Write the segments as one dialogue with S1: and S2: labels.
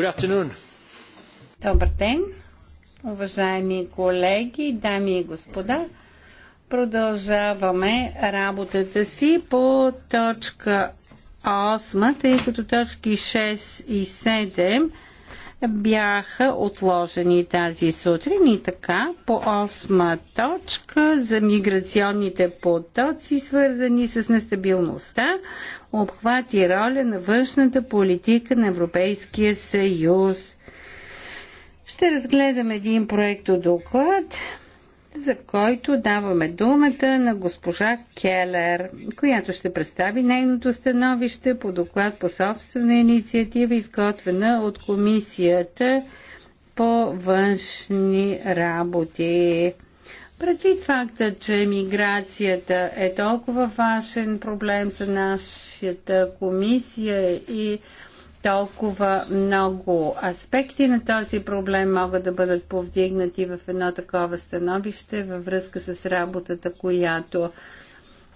S1: Good afternoon.
S2: Добър ден, уважаеми колеги, дами и господа. Продължаваме работата си по точка 8, тъй като точки 6 и 7 бяха отложени тази сутрин и така по осма точка за миграционните потоци, свързани с нестабилността, обхват и роля на външната политика на Европейския съюз. Ще разгледам един проект от доклад за който даваме думата на госпожа Келер, която ще представи нейното становище по доклад по собствена инициатива, изготвена от Комисията по външни работи. Предвид факта, че миграцията е толкова важен проблем за нашата комисия и толкова много аспекти на този проблем могат да бъдат повдигнати в едно такова становище във връзка с работата, която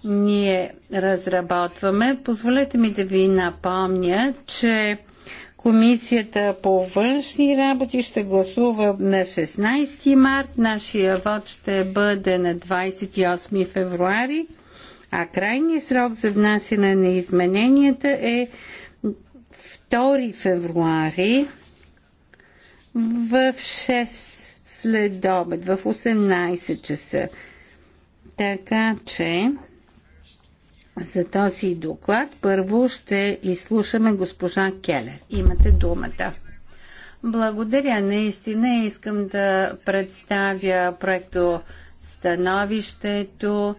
S2: ние разработваме. Позволете ми да ви напомня, че Комисията по външни работи ще гласува на 16 март. Нашия вод ще бъде на 28 февруари, а крайният срок за внасяне на измененията е 2 февруари в 6 след обед, в 18 часа. Така че за този доклад първо ще изслушаме госпожа Келер. Имате думата. Благодаря. Наистина искам да представя проекто становището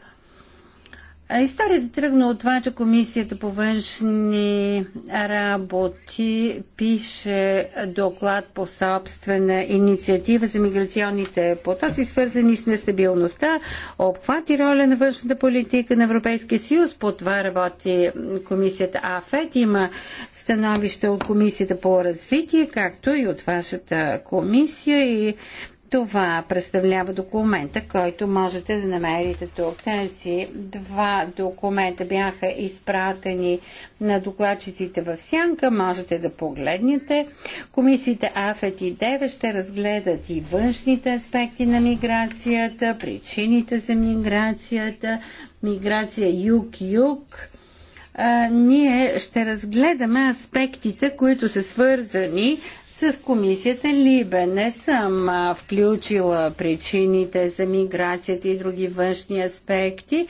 S2: Историята тръгна от това, че Комисията по външни работи пише доклад по собствена инициатива за миграционните потоци, свързани с нестабилността, обхват и роля на външната политика на Европейския съюз. По това работи Комисията АФЕД. Има становище от Комисията по развитие, както и от вашата комисия и това представлява документа, който можете да намерите тук. Тези два документа бяха изпратени на докладчиците в сянка. Можете да погледнете. Комисиите АФЕТ и ДЕВЕ ще разгледат и външните аспекти на миграцията, причините за миграцията, миграция юг-юг. ние ще разгледаме аспектите, които са свързани с комисията Либе. Не съм включила причините за миграцията и други външни аспекти,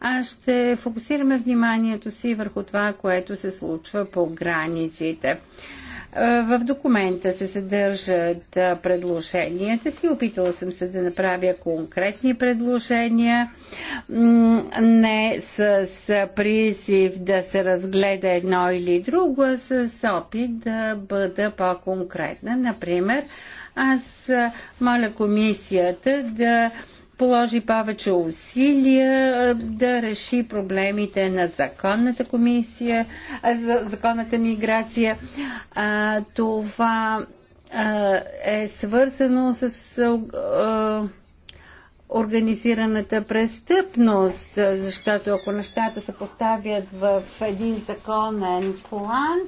S2: а ще фокусираме вниманието си върху това, което се случва по границите. Е, в документа се съдържат е, предложенията си. Опитала съм се да направя конкретни предложения, не с призив да се разгледа едно или друго, а с опит да бъда по-конкретна. Например, аз е, моля комисията да положи повече усилия да реши проблемите на законната комисия, за законната миграция. А, това а, е свързано с а, организираната престъпност, защото ако нещата се поставят в един законен план,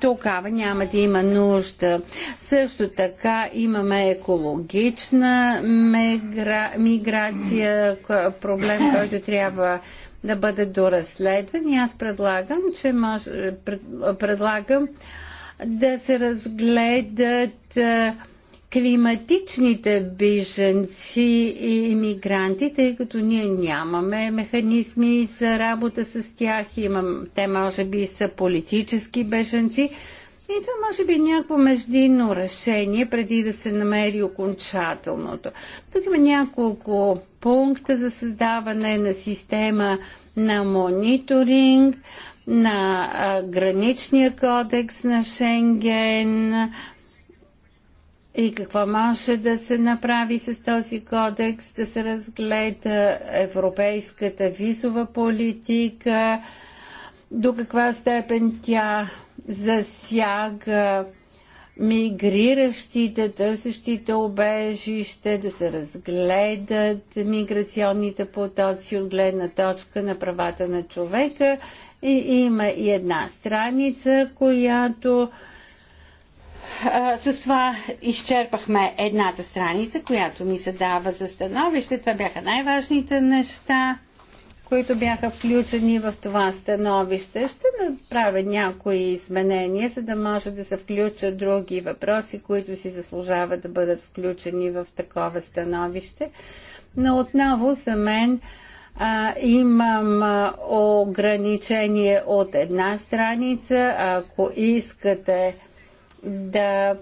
S2: тогава няма да има нужда. Също така имаме екологична мегра... миграция, проблем, който трябва да бъде доразследван. И аз предлагам, че може, предлагам да се разгледат климатичните биженци и иммигранти, тъй като ние нямаме механизми за работа с тях. Имам, те може би са политически беженци. И това може би е някакво междинно решение, преди да се намери окончателното. Тук има няколко пункта за създаване на система на мониторинг, на граничния кодекс на Шенген, и какво може да се направи с този кодекс, да се разгледа европейската визова политика, до каква степен тя засяга мигриращите, търсещите обежище, да се разгледат миграционните потоци от гледна точка на правата на човека. И има и една страница, която с това изчерпахме едната страница, която ми се дава за становище. Това бяха най-важните неща, които бяха включени в това становище. Ще направя някои изменения, за да може да се включат други въпроси, които си заслужават да бъдат включени в такова становище. Но отново за мен а, имам а, ограничение от една страница. Ако искате да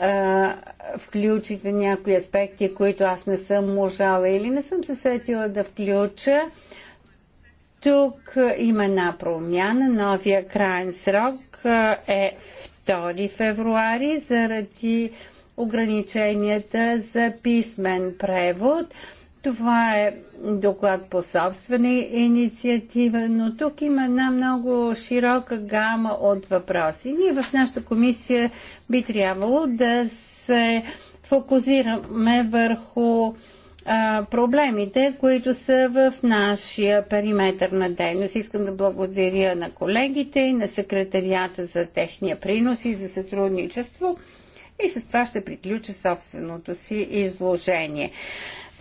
S2: а, включите някои аспекти, които аз не съм можала или не съм се сетила да включа. Тук има една промяна. Новия крайен срок е 2 февруари заради ограниченията за писмен превод. Това е доклад по собствена инициатива, но тук има една много широка гама от въпроси. Ние в нашата комисия би трябвало да се фокусираме върху а, проблемите, които са в нашия периметр на дейност. Искам да благодаря на колегите и на секретарията за техния принос и за сътрудничество. И с това ще приключа собственото си изложение.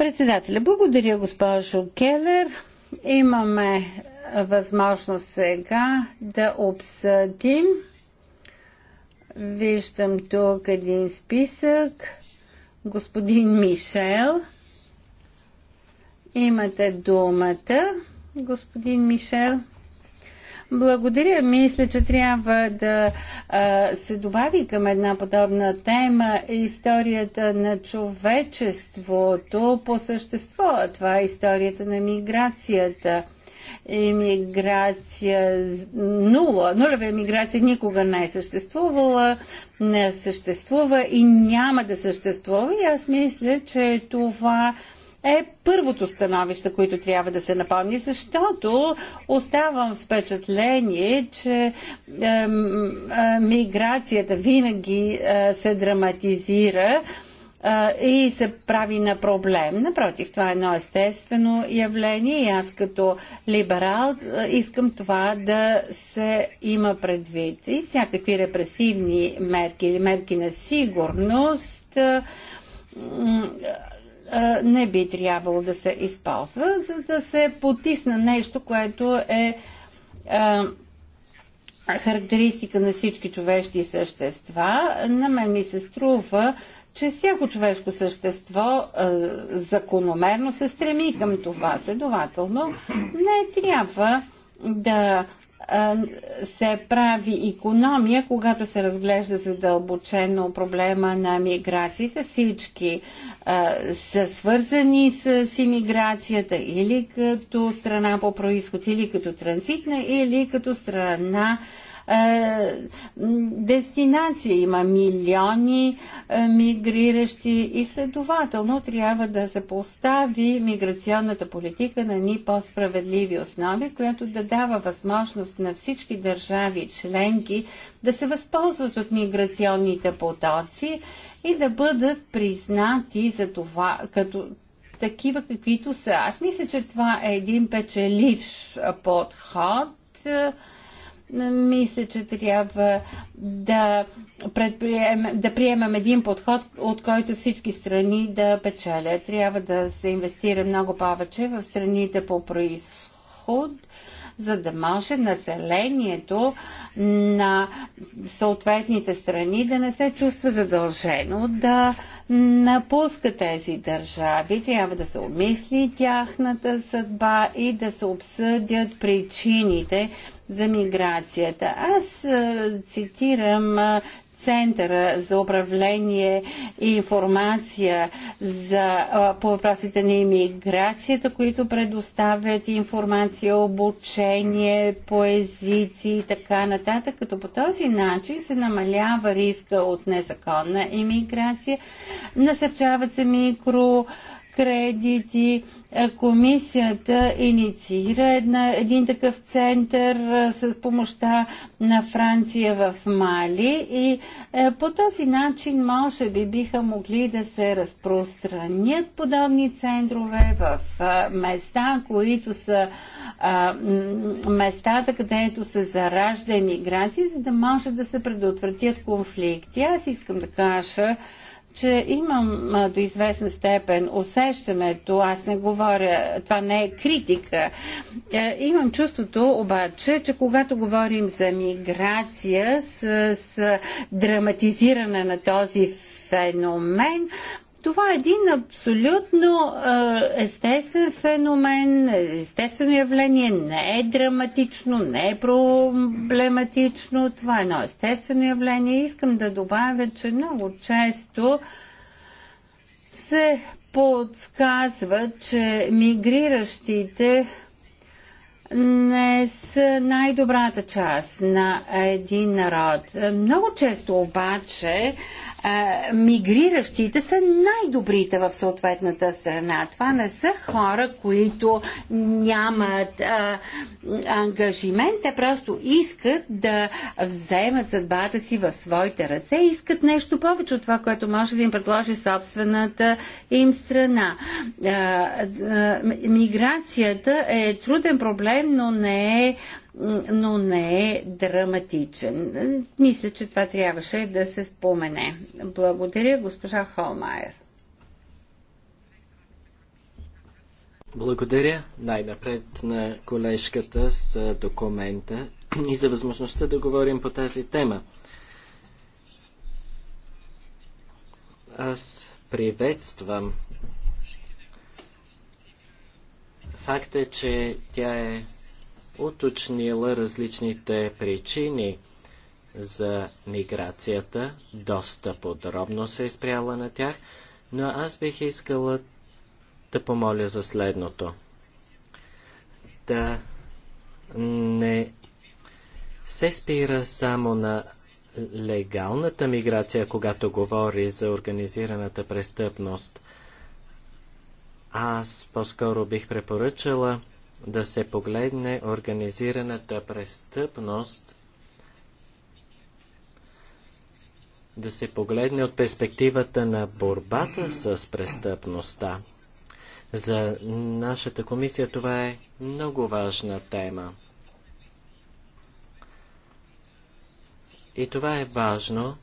S2: Председателя, благодаря госпожо Келер. Имаме възможност сега да обсъдим. Виждам тук един списък. Господин Мишел. Имате думата, господин Мишел. Благодаря. Мисля, че трябва да а, се добави към една подобна тема историята на човечеството по същество. Това е историята на миграцията. Емиграция нула, нулева емиграция никога не е съществувала, не съществува и няма да съществува. И аз мисля, че това е първото становище, което трябва да се напомни, защото оставам с впечатление, че е, е, миграцията винаги е, се драматизира е, и се прави на проблем. Напротив, това е едно естествено явление и аз като либерал е, искам това да се има предвид. И всякакви репресивни мерки или мерки на сигурност е, не би трябвало да се използва, за да се потисна нещо, което е характеристика на всички човешки същества. На мен ми се струва, че всяко човешко същество закономерно се стреми към това. Следователно, не трябва да се прави економия, когато се разглежда задълбочено проблема на миграцията. Всички а, са свързани с, с иммиграцията или като страна по происход, или като транзитна, или като страна е, дестинация. Има милиони е, мигриращи и следователно трябва да се постави миграционната политика на ни по-справедливи основи, която да дава възможност на всички държави членки да се възползват от миграционните потоци и да бъдат признати за това, като такива каквито са. Аз мисля, че това е един печеливш е, подход мисля, че трябва да, предприем, да приемем един подход, от който всички страни да печалят. Трябва да се инвестира много повече в страните по происход, за да може населението на съответните страни да не се чувства задължено да напуска тези държави. Трябва да се обмисли тяхната съдба и да се обсъдят причините за миграцията. Аз цитирам Центъра за управление и информация за, по въпросите на иммиграцията, които предоставят информация, обучение по езици и така нататък, като по този начин се намалява риска от незаконна иммиграция, насърчават се микро кредити. Комисията инициира една, един такъв център с помощта на Франция в Мали и е, по този начин може би биха могли да се разпространят подобни центрове в места, които са местата, където се заражда емиграция, за да може да се предотвратят конфликти. Аз искам да кажа, че имам до известна степен усещането, аз не говоря, това не е критика, е, имам чувството обаче, че когато говорим за миграция с, с драматизиране на този феномен, това е един абсолютно естествен феномен, естествено явление, не е драматично, не е проблематично, това е едно естествено явление. Искам да добавя, че много често се подсказва, че мигриращите не са най-добрата част на един народ. Много често обаче е, мигриращите са най-добрите в съответната страна. Това не са хора, които нямат а, е, ангажимент, те просто искат да вземат съдбата си в своите ръце и искат нещо повече от това, което може да им предложи собствената им страна. А, е, а, миграцията е труден проблем, но не е но не е драматичен. Мисля, че това трябваше да се спомене. Благодаря, госпожа Холмайер.
S1: Благодаря най-напред на колежката с документа и за възможността да говорим по тази тема. Аз приветствам факта, че тя е уточнила различните причини за миграцията, доста подробно се е спряла на тях, но аз бих искала да помоля за следното. Да не се спира само на легалната миграция, когато говори за организираната престъпност. Аз по-скоро бих препоръчала да се погледне организираната престъпност, да се погледне от перспективата на борбата с престъпността. За нашата комисия това е много важна тема. И това е важно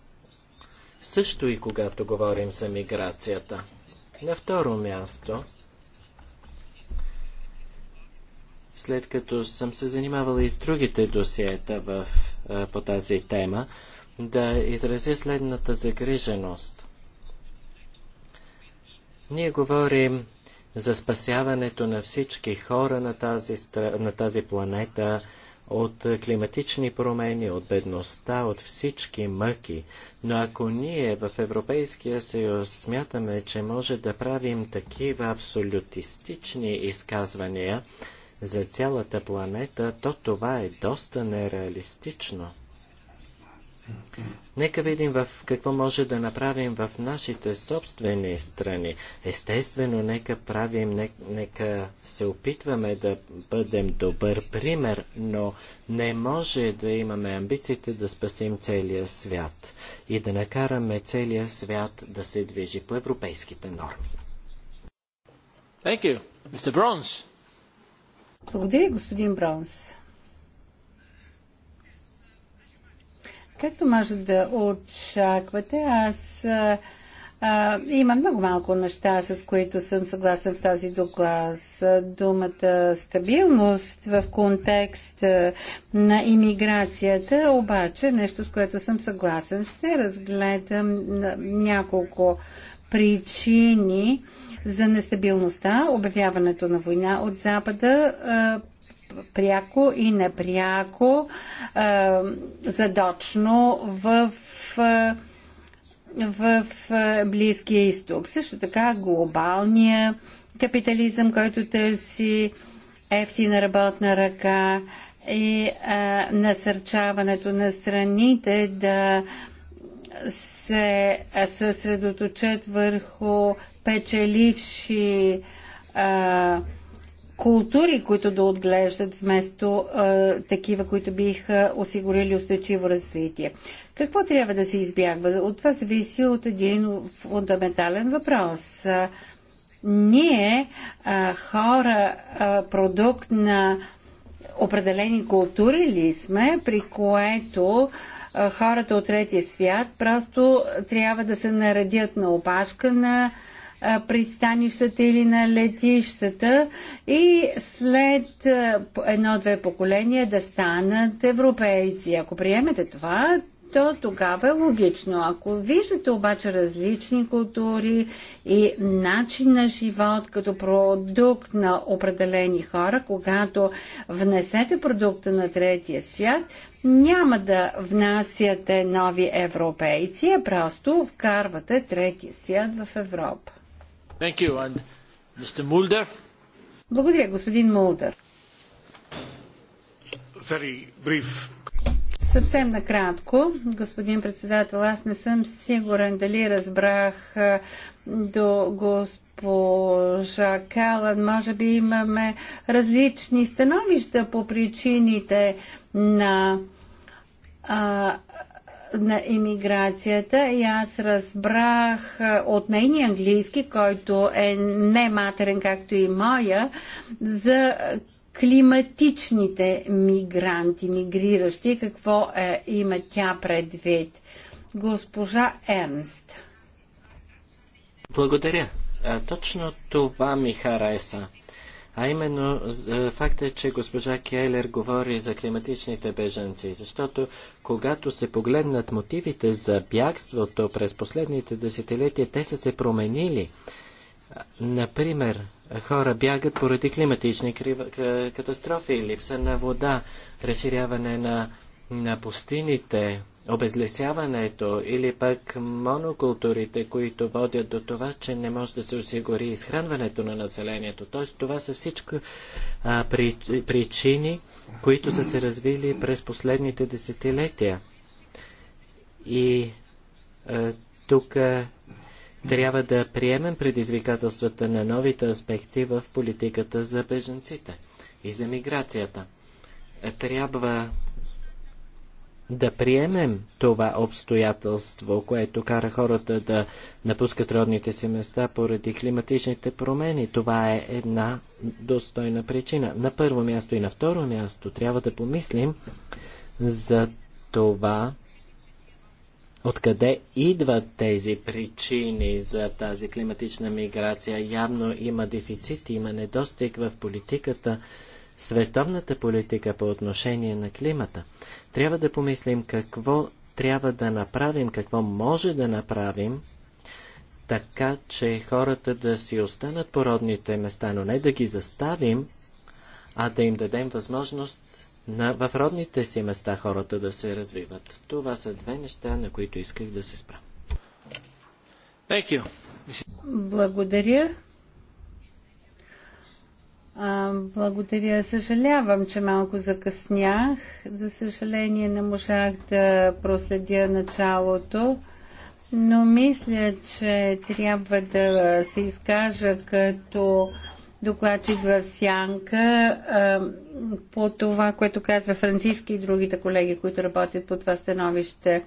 S1: също и когато говорим за миграцията. На второ място – след като съм се занимавала и с другите досиета в, по тази тема, да изразя следната загриженост. Ние говорим за спасяването на всички хора на тази, на тази планета от климатични промени, от бедността, от всички мъки. Но ако ние в Европейския съюз смятаме, че може да правим такива абсолютистични изказвания, за цялата планета, то това е доста нереалистично. Нека видим в какво може да направим в нашите собствени страни. Естествено, нека правим, не, нека се опитваме да бъдем добър пример, но не може да имаме амбициите да спасим целия свят и да накараме целия свят да се движи по европейските норми. Thank you. Mr. Bronze.
S2: Благодаря, господин Бронс. Както може да очаквате, аз а, има много малко неща, с които съм съгласен в този доклад. Думата стабилност в контекст на иммиграцията, обаче нещо, с което съм съгласен. Ще разгледам няколко причини, а, за нестабилността, обявяването на война от Запада, пряко и непряко, задочно в в Близкия изток. Също така глобалния капитализъм, който търси ефтина работна ръка и а, насърчаването на страните да се съсредоточат върху печеливши а, култури, които да отглеждат вместо а, такива, които биха осигурили устойчиво развитие. Какво трябва да се избягва? От това зависи от един фундаментален въпрос. А, ние, а, хора, а, продукт на определени култури ли сме, при което а, хората от третия свят просто трябва да се наредят на опашка на пристанищата или на летищата и след едно-две поколения да станат европейци. Ако приемете това, то тогава е логично. Ако виждате обаче различни култури и начин на живот като продукт на определени хора, когато внесете продукта на третия свят, няма да внасяте нови европейци, а просто вкарвате третия свят в Европа. Благодаря, господин Мулдър. Съвсем накратко, господин председател, аз не съм сигурен дали разбрах до госпожа Калан. Може би имаме различни становища по причините на а, на иммиграцията и аз разбрах от нейния английски, който е не матерен, както и моя, за климатичните мигранти, мигриращи, какво е, има тя предвид. Госпожа Ернст.
S1: Благодаря. Точно това ми хареса. А именно е, факта, е, че госпожа Келер говори за климатичните беженци, защото когато се погледнат мотивите за бягството през последните десетилетия, те са се променили. Например, хора бягат поради климатични катастрофи, липса на вода, разширяване на, на пустините, обезлесяването или пък монокултурите, които водят до това, че не може да се осигури изхранването на населението. Т.е. това са всичко а, при, причини, които са се развили през последните десетилетия. И а, тук трябва да приемем предизвикателствата на новите аспекти в политиката за беженците и за миграцията. Трябва да приемем това обстоятелство, което кара хората да напускат родните си места поради климатичните промени. Това е една достойна причина. На първо място и на второ място трябва да помислим за това, Откъде идват тези причини за тази климатична миграция? Явно има дефицит, има недостиг в политиката световната политика по отношение на климата. Трябва да помислим какво трябва да направим, какво може да направим, така че хората да си останат по родните места, но не да ги заставим, а да им дадем възможност на, в родните си места хората да се развиват. Това са две неща, на които исках да се спра.
S2: Благодаря. А, благодаря. Съжалявам, че малко закъснях. За съжаление не можах да проследя началото, но мисля, че трябва да се изкажа като докладчик в сянка а, по това, което казва Франциски и другите колеги, които работят по това становище.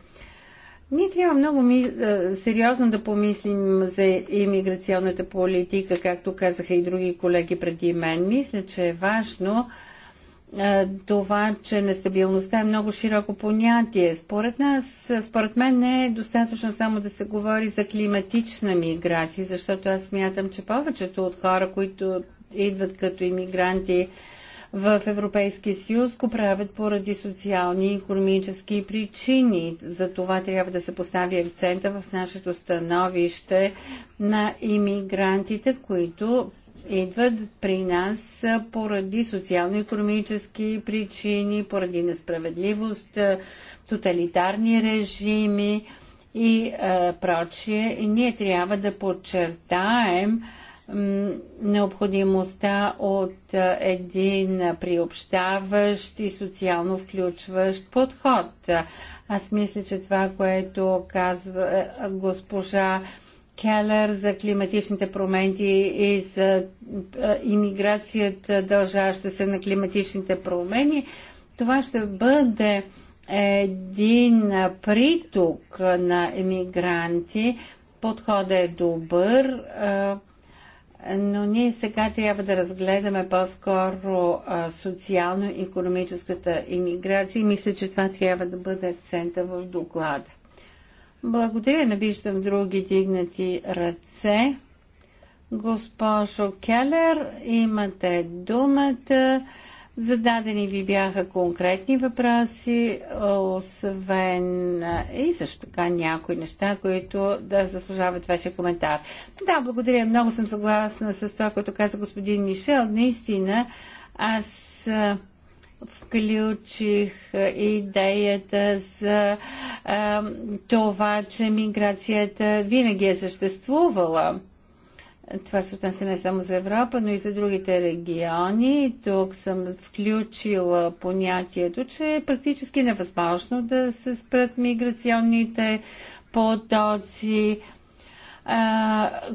S2: Ние трябва много ми, е, сериозно да помислим за иммиграционната политика, както казаха и други колеги преди мен. Мисля, че е важно е, това, че нестабилността е много широко понятие. Според нас, е, според мен не е достатъчно само да се говори за климатична миграция, защото аз смятам, че повечето от хора, които идват като иммигранти, в Европейския съюз го правят поради социални и економически причини. За това трябва да се постави акцента в нашето становище на иммигрантите, които идват при нас поради социално-економически причини, поради несправедливост, тоталитарни режими и а, прочие. И ние трябва да подчертаем необходимостта от един приобщаващ и социално включващ подход. Аз мисля, че това, което казва е, госпожа Келер за климатичните промени и за иммиграцията, дължаща се на климатичните промени, това ще бъде един приток на емигранти. Подходът е добър но ние сега трябва да разгледаме по-скоро социално-економическата иммиграция и мисля, че това трябва да бъде акцента в доклада. Благодаря, не виждам други дигнати ръце. Госпожо Келер, имате думата. Зададени ви бяха конкретни въпроси, освен и също така някои неща, които да заслужават вашия коментар. Да, благодаря. Много съм съгласна с това, което каза господин Мишел. Наистина, аз включих идеята за а, това, че миграцията винаги е съществувала това се отнася не само за Европа, но и за другите региони. Тук съм включила понятието, че е практически невъзможно да се спрат миграционните потоци,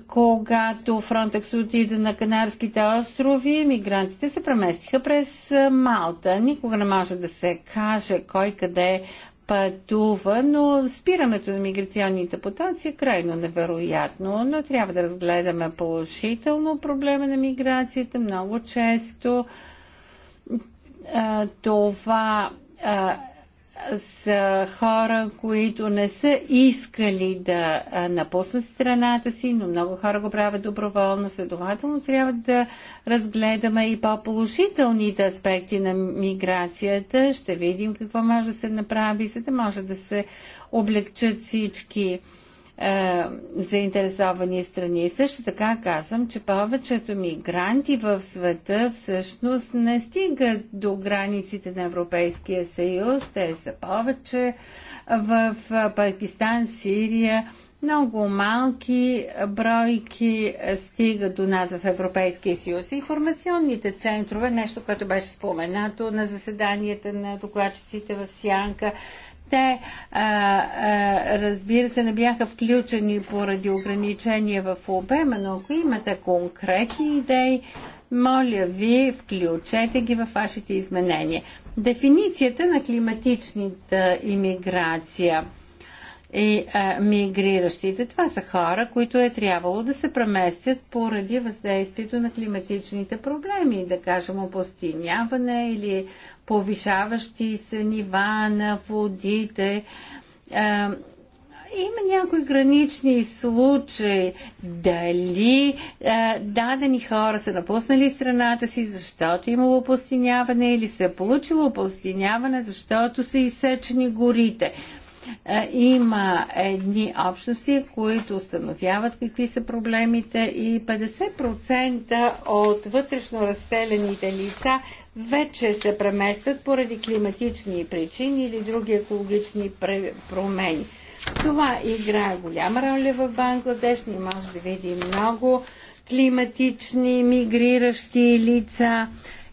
S2: когато Фронтекс отиде на Канарските острови, мигрантите се преместиха през Малта. Никога не може да се каже кой къде пътува, но спирането на миграционните потоци е крайно невероятно, но трябва да разгледаме положително проблема на миграцията. Много често това са хора, които не са искали да напуснат страната си, но много хора го правят доброволно. Следователно трябва да разгледаме и по-положителните аспекти на миграцията. Ще видим какво може да се направи, за да може да се облегчат всички е, заинтересовани страни. И също така казвам, че повечето мигранти в света всъщност не стигат до границите на Европейския съюз. Те са повече в е, Пакистан, Сирия. Много малки бройки стигат до нас в Европейския съюз. Информационните центрове, нещо, което беше споменато на заседанията на докладчиците в Сянка, те, а, а, разбира се, не бяха включени поради ограничения в обема, но ако имате конкретни идеи, моля ви, включете ги във вашите изменения. Дефиницията на климатичната иммиграция и а, мигриращите. Това са хора, които е трябвало да се преместят поради въздействието на климатичните проблеми, да кажем опустиняване или повишаващи се нива на водите. А, има някои гранични случаи. Дали а, дадени хора са напуснали страната си, защото имало опустиняване или се е получило опустиняване, защото са изсечени горите има едни общности, които установяват какви са проблемите и 50% от вътрешно разселените лица вече се преместват поради климатични причини или други екологични промени. Това играе голяма роля в Бангладеш. Ние може да видим много климатични мигриращи лица.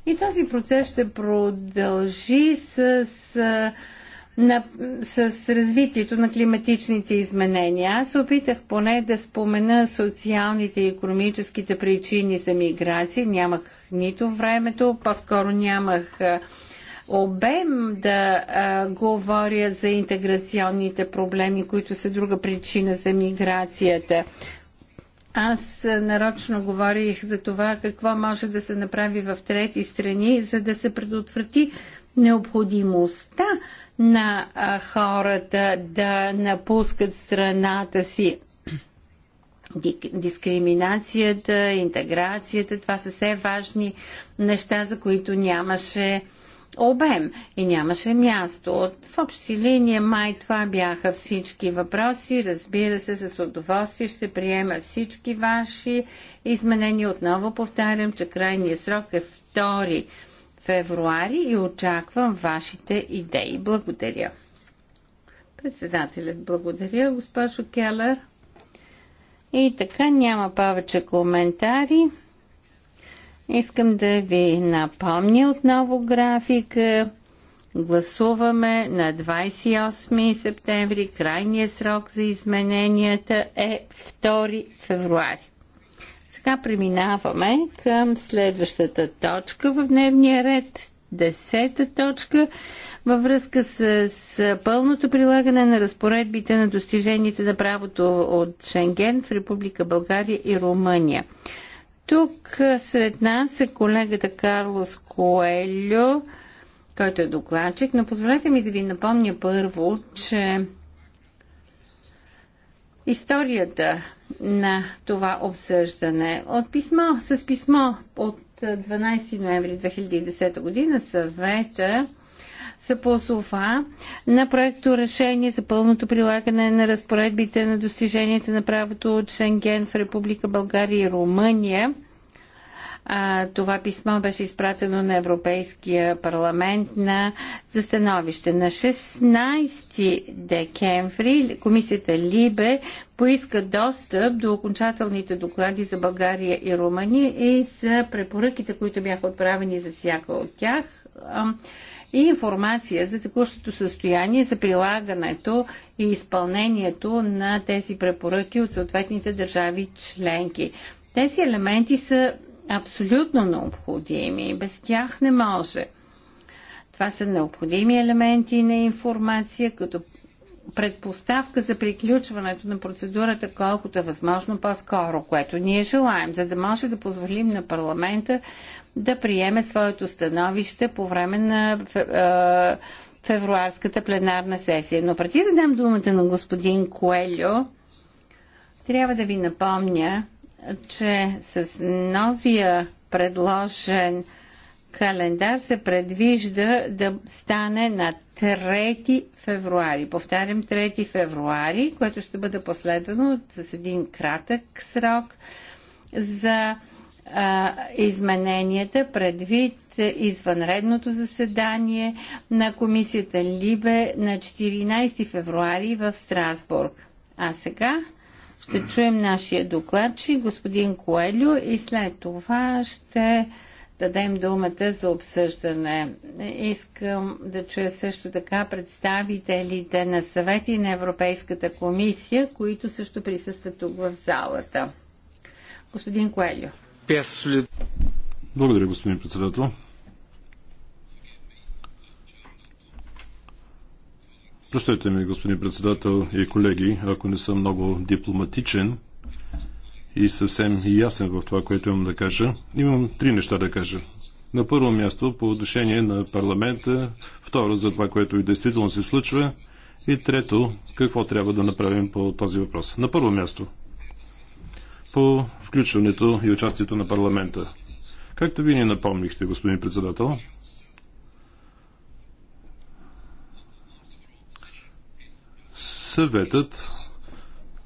S2: И този процес ще продължи с на, с развитието на климатичните изменения. Аз опитах поне да спомена социалните и економическите причини за миграция. Нямах нито времето, по-скоро нямах обем да а, говоря за интеграционните проблеми, които са друга причина за миграцията. Аз нарочно говорих за това какво може да се направи в трети страни, за да се предотврати необходимостта на хората да напускат страната си. Дискриминацията, интеграцията, това са все важни неща, за които нямаше обем и нямаше място. В общи линии май това бяха всички въпроси. Разбира се, с удоволствие ще приема всички ваши изменения. Отново повтарям, че крайният срок е втори февруари и очаквам вашите идеи. Благодаря. Председателят, благодаря, госпожо Келер. И така няма повече коментари. Искам да ви напомня отново графика. Гласуваме на 28 септември. Крайният срок за измененията е 2 февруари. Сега преминаваме към следващата точка в дневния ред. Десета точка във връзка с, с пълното прилагане на разпоредбите на достиженията на правото от Шенген в Република България и Румъния. Тук сред нас е колегата Карлос Коелю, който е докладчик, но позволете ми да ви напомня първо, че историята на това обсъждане. От писмо, с писмо от 12 ноември 2010 година съвета се позова на проекто решение за пълното прилагане на разпоредбите на достиженията на правото от Шенген в Република България и Румъния – това писмо беше изпратено на Европейския парламент на, за становище. На 16 декември комисията Либе поиска достъп до окончателните доклади за България и Румъния и за препоръките, които бяха отправени за всяка от тях и информация за текущото състояние, за прилагането и изпълнението на тези препоръки от съответните държави членки. Тези елементи са абсолютно необходими. Без тях не може. Това са необходими елементи на информация, като предпоставка за приключването на процедурата колкото е възможно по-скоро, което ние желаем, за да може да позволим на парламента да приеме своето становище по време на февруарската пленарна сесия. Но преди да дам думата на господин Коелю, трябва да ви напомня, че с новия предложен календар се предвижда да стане на 3 февруари. Повтарям 3 февруари, което ще бъде последвано с един кратък срок за а, измененията предвид извънредното заседание на комисията Либе на 14 февруари в Страсбург. А сега ще чуем нашия докладчик, господин Коелю, и след това ще дадем думата за обсъждане. Искам да чуя също така представителите на съвети на Европейската комисия, които също присъстват тук в залата. Господин Коелю.
S3: Благодаря, господин председател. Прощайте ми, господин председател и колеги, ако не съм много дипломатичен и съвсем ясен в това, което имам да кажа. Имам три неща да кажа. На първо място по отношение на парламента, второ за това, което и действително се случва и трето какво трябва да направим по този въпрос. На първо място по включването и участието на парламента. Както ви ни напомнихте, господин председател, съветът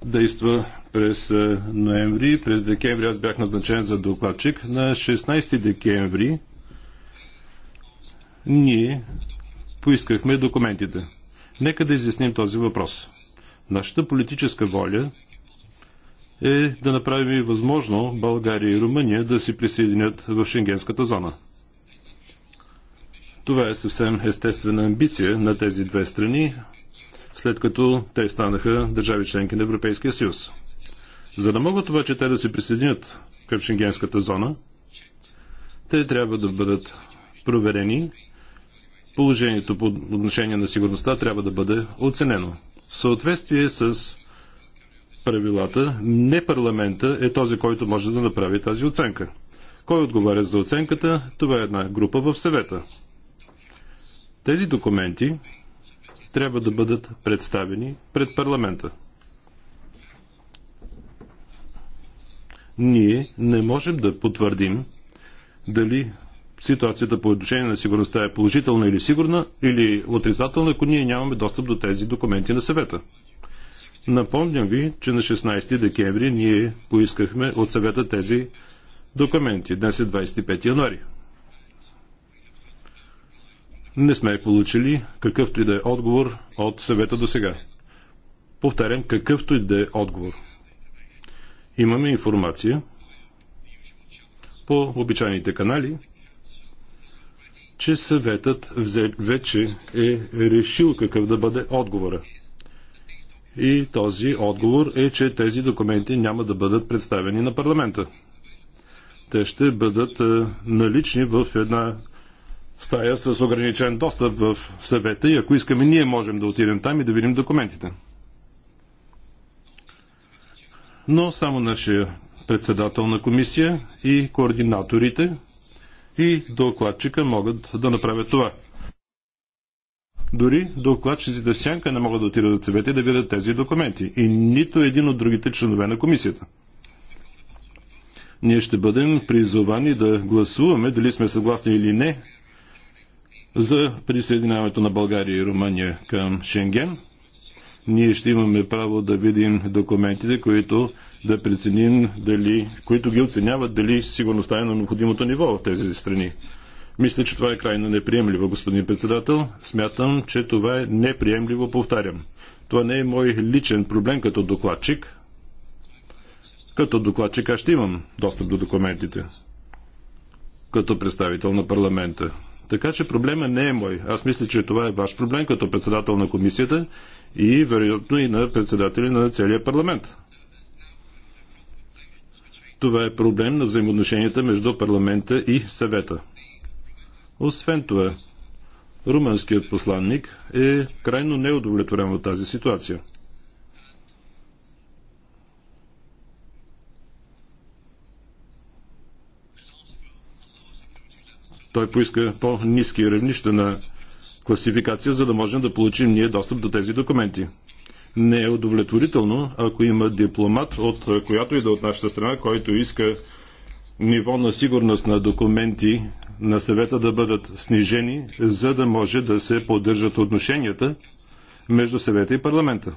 S3: действа през е, ноември. През декември аз бях назначен за докладчик. На 16 декември ние поискахме документите. Нека да изясним този въпрос. Нашата политическа воля е да направим възможно България и Румъния да се присъединят в шенгенската зона. Това е съвсем естествена амбиция на тези две страни след като те станаха държави членки на Европейския съюз. За да могат обаче те да се присъединят към Шенгенската зона, те трябва да бъдат проверени. Положението по отношение на сигурността трябва да бъде оценено. В съответствие с правилата, не парламента е този, който може да направи тази оценка. Кой отговаря за оценката? Това е една група в съвета. Тези документи трябва да бъдат представени пред парламента. Ние не можем да потвърдим дали ситуацията по отношение на сигурността е положителна или сигурна, или отрицателна, ако ние нямаме достъп до тези документи на съвета. Напомням ви, че на 16 декември ние поискахме от съвета тези документи. Днес е 25 януари не сме получили какъвто и да е отговор от съвета до сега. Повтарям, какъвто и да е отговор. Имаме информация по обичайните канали, че съветът вече е решил какъв да бъде отговора. И този отговор е, че тези документи няма да бъдат представени на парламента. Те ще бъдат е, налични в една стая с ограничен достъп в съвета и ако искаме, ние можем да отидем там и да видим документите. Но само нашия председател на комисия и координаторите и докладчика могат да направят това. Дори докладчиците в сянка не могат да отидат за съвета и да видят тези документи. И нито един от другите членове на комисията ние ще бъдем призовани да гласуваме дали сме съгласни или не за присъединяването на България и Румъния към Шенген. Ние ще имаме право да видим документите, които да преценим дали, които ги оценяват дали сигурността е на необходимото ниво в тези страни. Мисля, че това е крайно неприемливо, господин председател. Смятам, че това е неприемливо, повтарям. Това не е мой личен проблем като докладчик. Като докладчик аз ще имам достъп до документите. Като представител на парламента. Така че проблема не е мой. Аз мисля, че това е ваш проблем като председател на комисията и вероятно и на председатели на целия парламент. Това е проблем на взаимоотношенията между парламента и съвета. Освен това, румънският посланник е крайно неудовлетворен от тази ситуация. Той поиска по-низки равнища на класификация, за да можем да получим ние достъп до тези документи. Не е удовлетворително, ако има дипломат от която и да е от нашата страна, който иска ниво на сигурност на документи на съвета да бъдат снижени, за да може да се поддържат отношенията между съвета и парламента.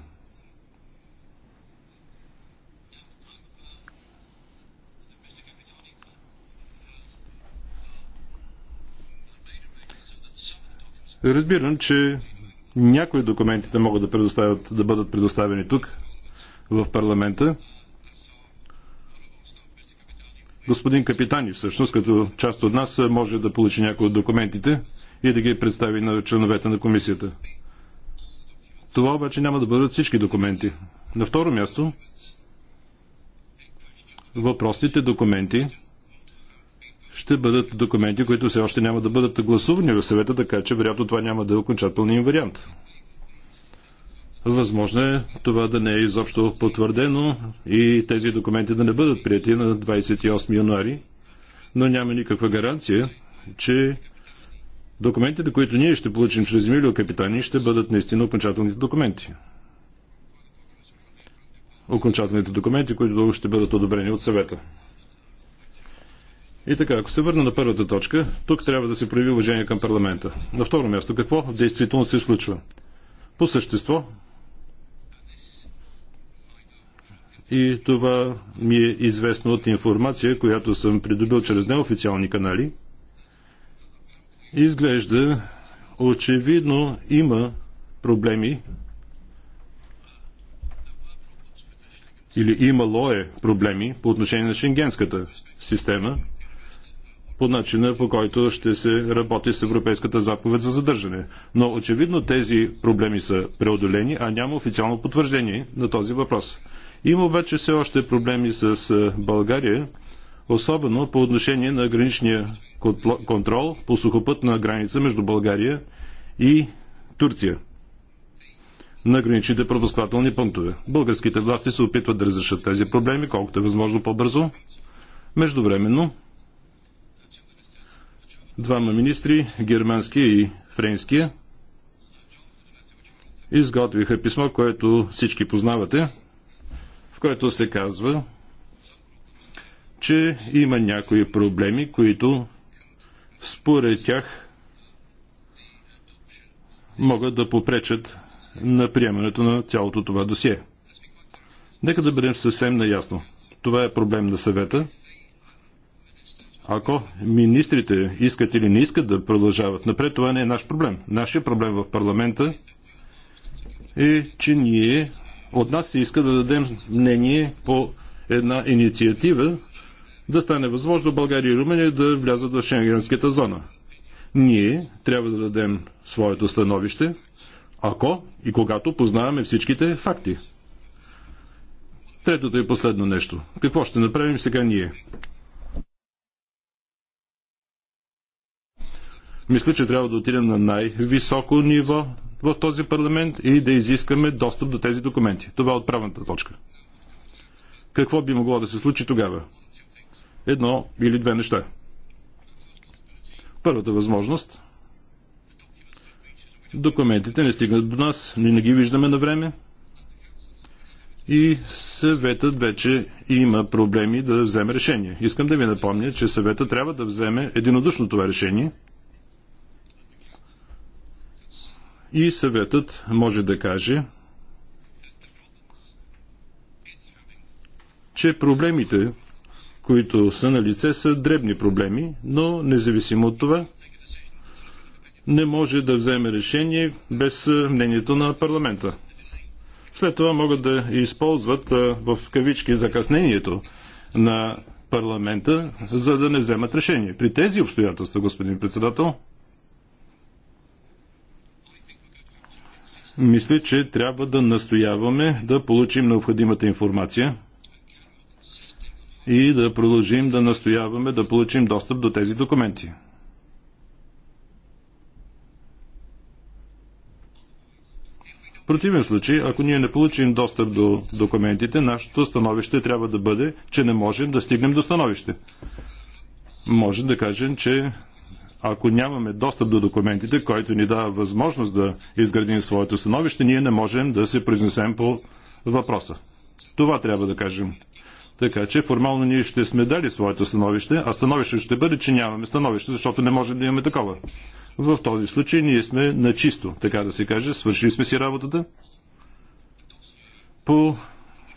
S3: Разбирам, че някои документите могат да, предоставят, да бъдат предоставени тук, в парламента. Господин Капитани, всъщност, като част от нас, може да получи някои от документите и да ги представи на членовете на комисията. Това обаче няма да бъдат всички документи. На второ място, въпросните документи ще бъдат документи, които все още няма да бъдат гласувани в съвета, така че вероятно това няма да е окончателният вариант. Възможно е това да не е изобщо потвърдено и тези документи да не бъдат прияти на 28 януари, но няма никаква гаранция, че документите, които ние ще получим чрез Емилио Капитани, ще бъдат наистина окончателните документи. Окончателните документи, които ще бъдат одобрени от съвета. И така, ако се върна на първата точка, тук трябва да се прояви уважение към парламента. На второ място, какво действително се случва? По същество, и това ми е известно от информация, която съм придобил чрез неофициални канали. Изглежда, очевидно има проблеми или имало е проблеми по отношение на шенгенската система – по начина по който ще се работи с Европейската заповед за задържане. Но очевидно тези проблеми са преодолени, а няма официално потвърждение на този въпрос. Има обаче все още проблеми с България, особено по отношение на граничния контрол по сухопътна граница между България и Турция на граничните пропускателни пунктове. Българските власти се опитват да разрешат тези проблеми колкото е възможно по-бързо. Междувременно двама министри, германския и френския, изготвиха писмо, което всички познавате, в което се казва, че има някои проблеми, които според тях могат да попречат на приемането на цялото това досие. Нека да бъдем съвсем наясно. Това е проблем на съвета – ако министрите искат или не искат да продължават напред, това не е наш проблем. Нашия проблем в парламента е, че ние от нас се иска да дадем мнение по една инициатива да стане възможно България и Румъния да влязат в Шенгенската зона. Ние трябва да дадем своето становище, ако и когато познаваме всичките факти. Третото и последно нещо. Какво ще направим сега ние? Мисля, че трябва да отидем на най-високо ниво в този парламент и да изискаме достъп до тези документи. Това е отправната точка. Какво би могло да се случи тогава? Едно или две неща. Първата възможност документите не стигнат до нас, ние не ги виждаме на време и съветът вече има проблеми да вземе решение. Искам да ви напомня, че съветът трябва да вземе единодушно това решение – И съветът може да каже, че проблемите, които са на лице, са дребни проблеми, но независимо от това, не може да вземе решение без мнението на парламента. След това могат да използват в кавички закъснението на парламента, за да не вземат решение. При тези обстоятелства, господин председател, мисля, че трябва да настояваме да получим необходимата информация и да продължим да настояваме да получим достъп до тези документи. В противен случай, ако ние не получим достъп до документите, нашето становище трябва да бъде, че не можем да стигнем до становище. Може да кажем, че ако нямаме достъп до документите, който ни дава възможност да изградим своето становище, ние не можем да се произнесем по въпроса. Това трябва да кажем. Така че формално ние ще сме дали своето становище, а становище ще бъде, че нямаме становище, защото не можем да имаме такова. В този случай ние сме на чисто, така да се каже, свършили сме си работата по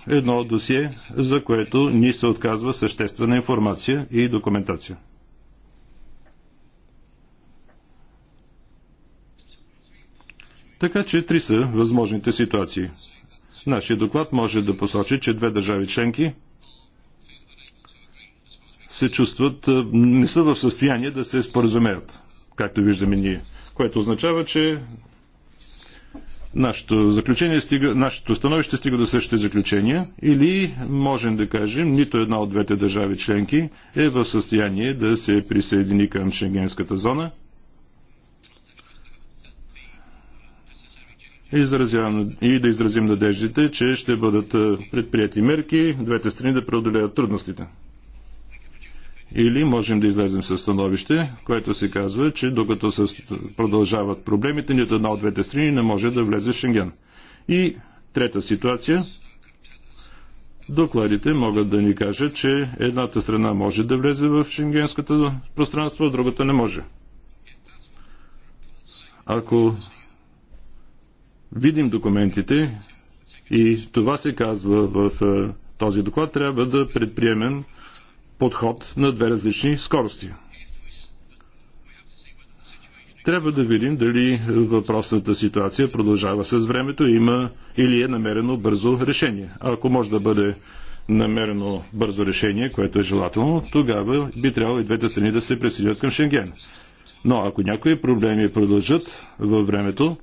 S3: едно досие, за което ни се отказва съществена информация и документация. Така че три са възможните ситуации. Нашия доклад може да посочи, че две държави членки се чувстват, не са в състояние да се споразумеят, както виждаме ние. Което означава, че нашето, заключение стига, нашето становище стига до същите заключения или можем да кажем, нито една от двете държави членки е в състояние да се присъедини към Шенгенската зона – изразявам, и да изразим надеждите, че ще бъдат е, предприяти мерки двете страни да преодолеят трудностите. Или можем да излезем със становище, което се казва, че докато продължават проблемите, нито една от двете страни не може да влезе в Шенген. И трета ситуация. Докладите могат да ни кажат, че едната страна може да влезе в шенгенското пространство, а другата не може. Ако видим документите и това се казва в е, този доклад, трябва да предприемем подход на две различни скорости. Трябва да видим дали въпросната ситуация продължава с времето има или е намерено бързо решение. А ако може да бъде намерено бързо решение, което е желателно, тогава би трябвало и двете страни да се присъединят към Шенген. Но ако някои проблеми продължат във времето,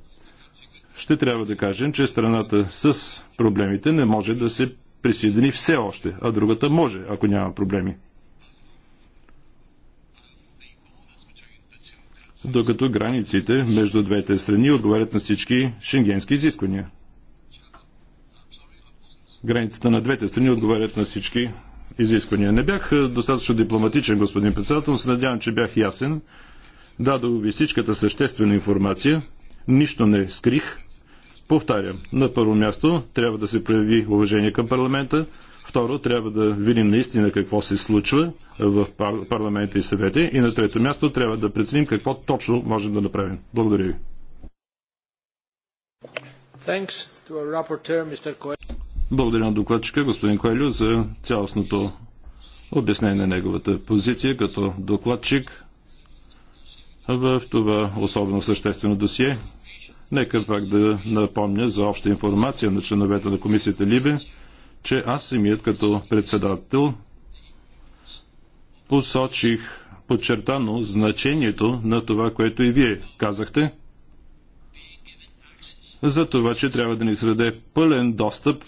S3: ще трябва да кажем, че страната с проблемите не може да се присъедини все още, а другата може, ако няма проблеми. Докато границите между двете страни отговарят на всички шенгенски изисквания. Границата на двете страни отговарят на всички изисквания. Не бях е, достатъчно дипломатичен, господин председател, но се надявам, че бях ясен. Дадох ви всичката съществена информация, нищо не скрих Повтарям, на първо място трябва да се прояви уважение към парламента, второ трябва да видим наистина какво се случва в парламента и съвета и на трето място трябва да преценим какво точно можем да направим. Благодаря ви. Благодаря на докладчика господин Коелю за цялостното обяснение на неговата позиция като докладчик в това особено съществено досие, Нека пак да напомня за обща информация на членовете на комисията Либе, че аз самият като председател посочих подчертано значението на това, което и вие казахте, за това, че трябва да ни среде пълен достъп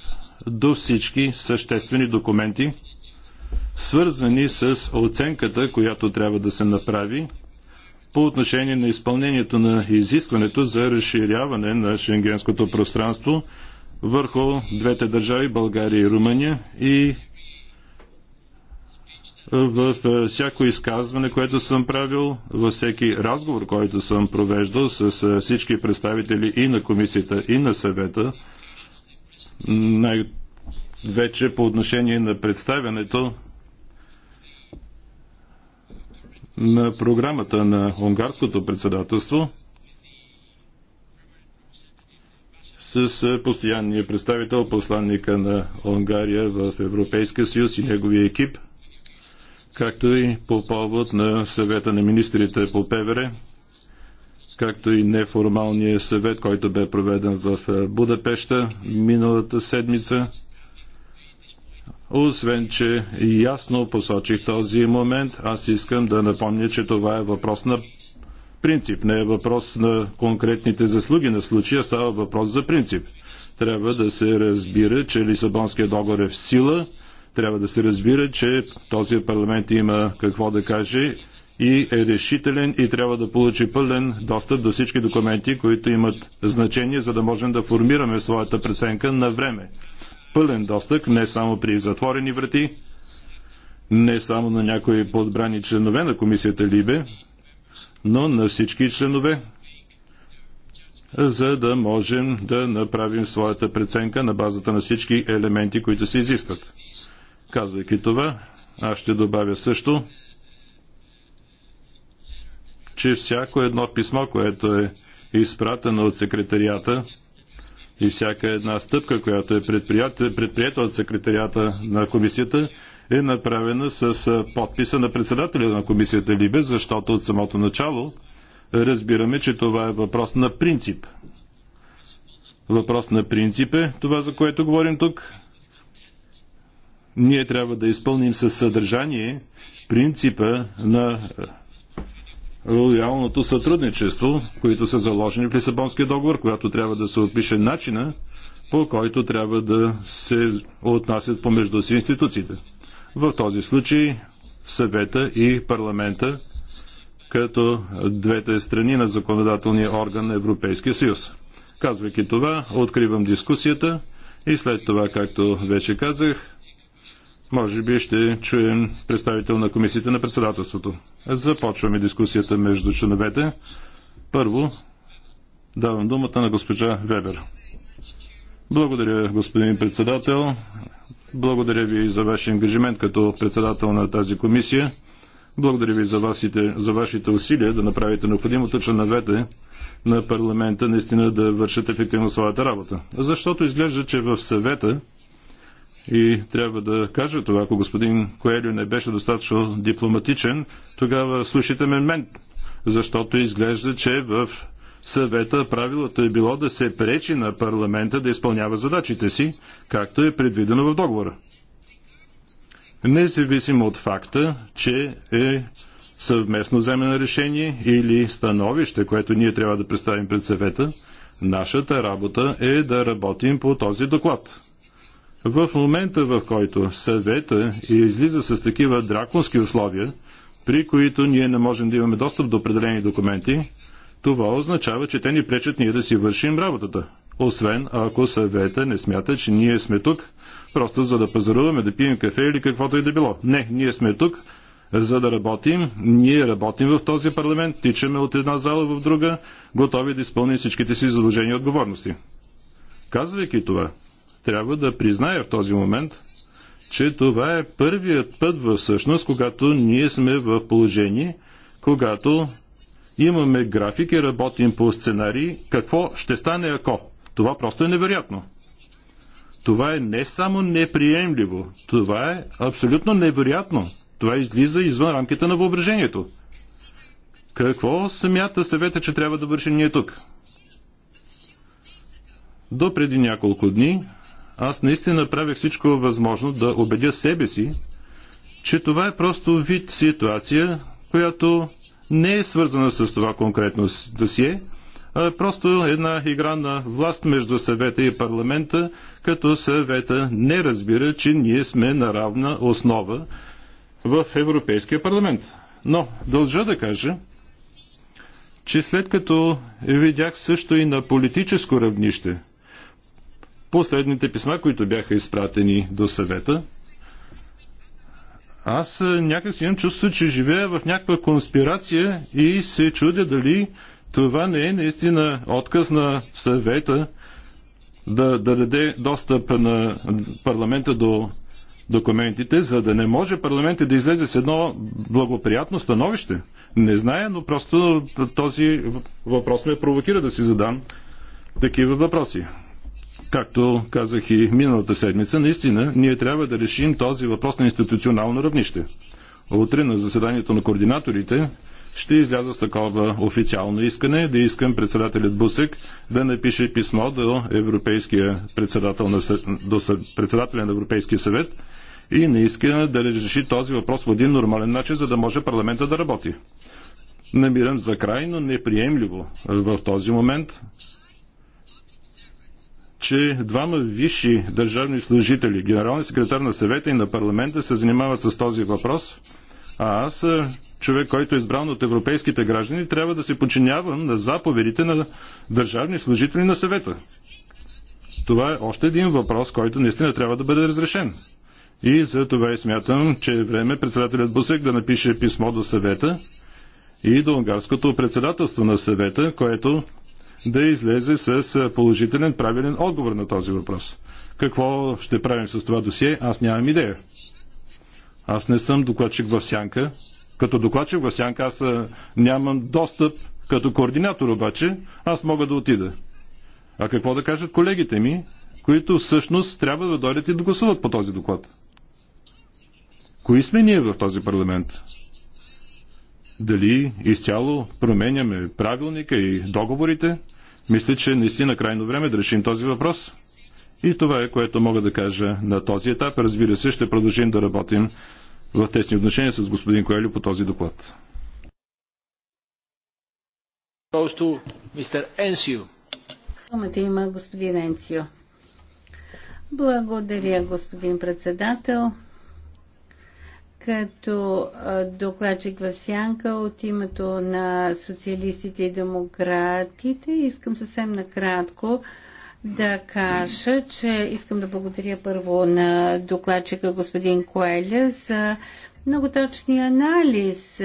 S3: до всички съществени документи, свързани с оценката, която трябва да се направи по отношение на изпълнението на изискването за разширяване на шенгенското пространство върху двете държави България и Румъния и в е, всяко изказване, което съм правил, във всеки разговор, който съм провеждал с е, всички представители и на комисията, и на съвета, най-вече по отношение на представянето на програмата на унгарското председателство с е, постоянния представител, посланника на Унгария в Европейския съюз и неговия екип, както и по повод на съвета на министрите по ПВР, както и неформалния съвет, който бе проведен в е, Будапешта миналата седмица – освен, че ясно посочих този момент, аз искам да напомня, че това е въпрос на принцип, не е въпрос на конкретните заслуги на случая, става въпрос за принцип. Трябва да се разбира, че Лисабонския договор е в сила, трябва да се разбира, че този парламент има какво да каже и е решителен и трябва да получи пълен достъп до всички документи, които имат значение, за да можем да формираме своята преценка на време пълен достъп, не само при затворени врати, не само на някои подбрани членове на комисията Либе, но на всички членове, за да можем да направим своята преценка на базата на всички елементи, които се изискват. Казвайки това, аз ще добавя също, че всяко едно писмо, което е изпратено от секретарията, и всяка една стъпка, която е предприята от секретарията на комисията, е направена с подписа на председателя на комисията Либе, защото от самото начало разбираме, че това е въпрос на принцип. Въпрос на принцип е това, за което говорим тук. Ние трябва да изпълним със съдържание принципа на лоялното сътрудничество, които са заложени в Лисабонския договор, която трябва да се опише начина, по който трябва да се отнасят помежду си институциите. В този случай съвета и парламента като двете страни на законодателния орган на Европейския съюз. Казвайки това, откривам дискусията и след това, както вече казах, може би ще чуем представител на комисията на председателството. Започваме дискусията между членовете. Първо давам думата на госпожа Вебер. Благодаря, господин председател. Благодаря ви за вашия ангажимент като председател на тази комисия. Благодаря ви за, васите, за вашите усилия да направите необходимото членовете на парламента наистина да вършат ефективно своята работа. Защото изглежда, че в съвета и трябва да кажа това, ако господин Коелю не беше достатъчно дипломатичен, тогава слушайте ме мен, защото изглежда, че в съвета правилото е било да се пречи на парламента да изпълнява задачите си, както е предвидено в договора. Независимо от факта, че е съвместно вземено решение или становище, което ние трябва да представим пред съвета, нашата работа е да работим по този доклад. В момента, в който съвета излиза с такива драконски условия, при които ние не можем да имаме достъп до определени документи, това означава, че те ни пречат ние да си вършим работата. Освен ако съвета не смята, че ние сме тук, просто за да пазаруваме, да пием кафе или каквото и да било. Не, ние сме тук, за да работим. Ние работим в този парламент, тичаме от една зала в друга, готови да изпълним всичките си задължения и отговорности. Казвайки това, трябва да призная в този момент, че това е първият път всъщност, когато ние сме в положение, когато имаме график и работим по сценарии, какво ще стане ако. Това просто е невероятно. Това е не само неприемливо, това е абсолютно невероятно. Това излиза извън рамките на въображението. Какво смята съвета, че трябва да вършим ние тук? До преди няколко дни аз наистина правих всичко възможно да убедя себе си, че това е просто вид ситуация, която не е свързана с това конкретно досие, а е просто една игра на власт между съвета и парламента, като съвета не разбира, че ние сме на равна основа в Европейския парламент. Но дължа да кажа, че след като видях също и на политическо равнище – последните писма, които бяха изпратени до съвета, аз е, някак си имам чувство, че живея в някаква конспирация и се чудя дали това не е наистина отказ на съвета да, да даде достъп на парламента до документите, за да не може парламентът да излезе с едно благоприятно становище. Не зная, но просто този въпрос ме провокира да си задам такива въпроси. Както казах и миналата седмица, наистина ние трябва да решим този въпрос на институционално равнище. Утре на заседанието на координаторите ще изляза с такова официално искане да искам председателят Бусек да напише писмо до, европейския председател на, до председателя на Европейския съвет и наистина да реши този въпрос в един нормален начин, за да може парламента да работи намирам за крайно неприемливо в този момент че двама висши държавни служители, Генералния секретар на съвета и на парламента се занимават с този въпрос, а аз, човек, който е избран от европейските граждани, трябва да се подчинявам на заповедите на държавни служители на съвета. Това е още един въпрос, който наистина трябва да бъде разрешен. И за това и смятам, че е време председателят Бусек да напише писмо до съвета и до унгарското председателство на съвета, което да излезе с положителен, правилен отговор на този въпрос. Какво ще правим с това досие, аз нямам идея. Аз не съм докладчик в сянка. Като докладчик в сянка аз нямам достъп, като координатор обаче аз мога да отида. А какво да кажат колегите ми, които всъщност трябва да дойдат и да гласуват по този доклад? Кои сме ние в този парламент? дали изцяло променяме правилника и договорите. Мисля, че наистина крайно време да решим този въпрос. И това е, което мога да кажа на този етап. Разбира се, ще продължим да работим в тесни отношения с господин Коелю по този доклад.
S2: Думата има господин Енсио. Благодаря, господин председател като докладчик в Сянка от името на социалистите и демократите. Искам съвсем накратко да кажа, че искам да благодаря първо на докладчика господин Коеля за много точния анализ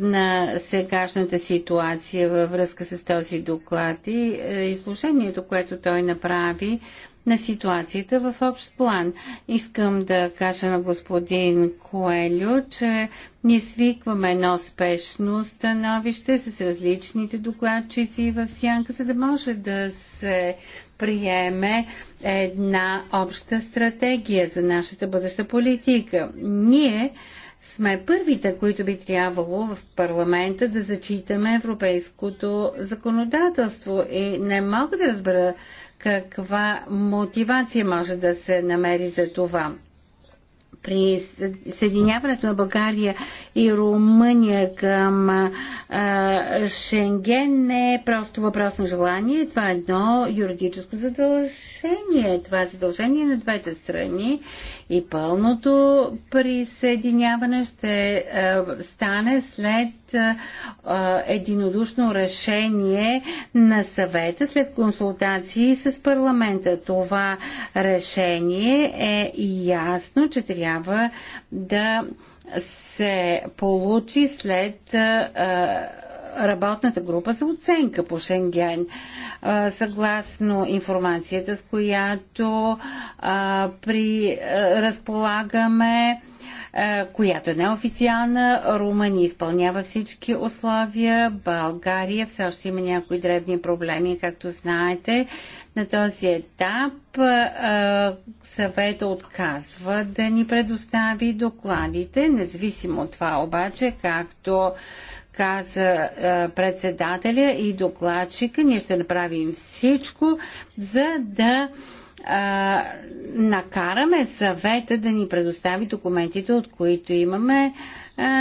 S2: на сегашната ситуация във връзка с този доклад и изложението, което той направи, на ситуацията в общ план. Искам да кажа на господин Коелю, че ни свикваме едно спешно становище с различните докладчици в сянка, за да може да се приеме една обща стратегия за нашата бъдеща политика. Ние сме първите, които би трябвало в парламента да зачитаме европейското законодателство. И не мога да разбера каква мотивация може да се намери за това при съединяването на България и Румъния към а, Шенген не е просто въпрос на желание, това е едно юридическо задължение. Това е задължение на двете страни и пълното присъединяване ще а, стане след а, единодушно решение на съвета, след консултации с парламента. Това решение е ясно, че трябва трябва да се получи след работната група за оценка по Шенген, съгласно информацията, с която при, разполагаме която е неофициална. Румъния изпълнява всички условия. България все още има някои дребни проблеми, както знаете. На този етап съвета отказва да ни предостави докладите, независимо от това обаче, както каза председателя и докладчика, ние ще направим всичко, за да накараме съвета да ни предостави документите, от които имаме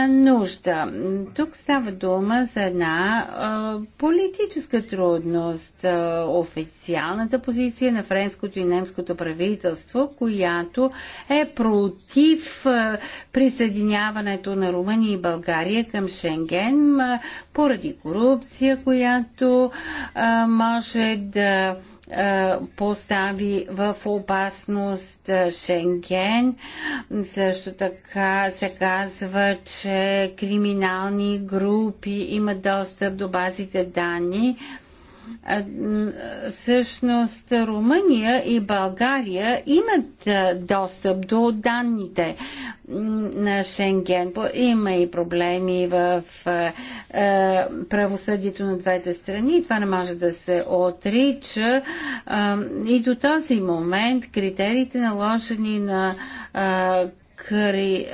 S2: нужда. Тук става дума за една а, политическа трудност, а, официалната позиция на френското и немското правителство, която е против а, присъединяването на Румъния и България към Шенген а, поради корупция, която а, може да е, постави в опасност е, Шенген. Също така се казва, че криминални групи имат достъп до базите данни всъщност Румъния и България имат достъп до данните на Шенген. Има и проблеми в правосъдието на двете страни. Това не може да се отрича. И до този момент критериите наложени на кри,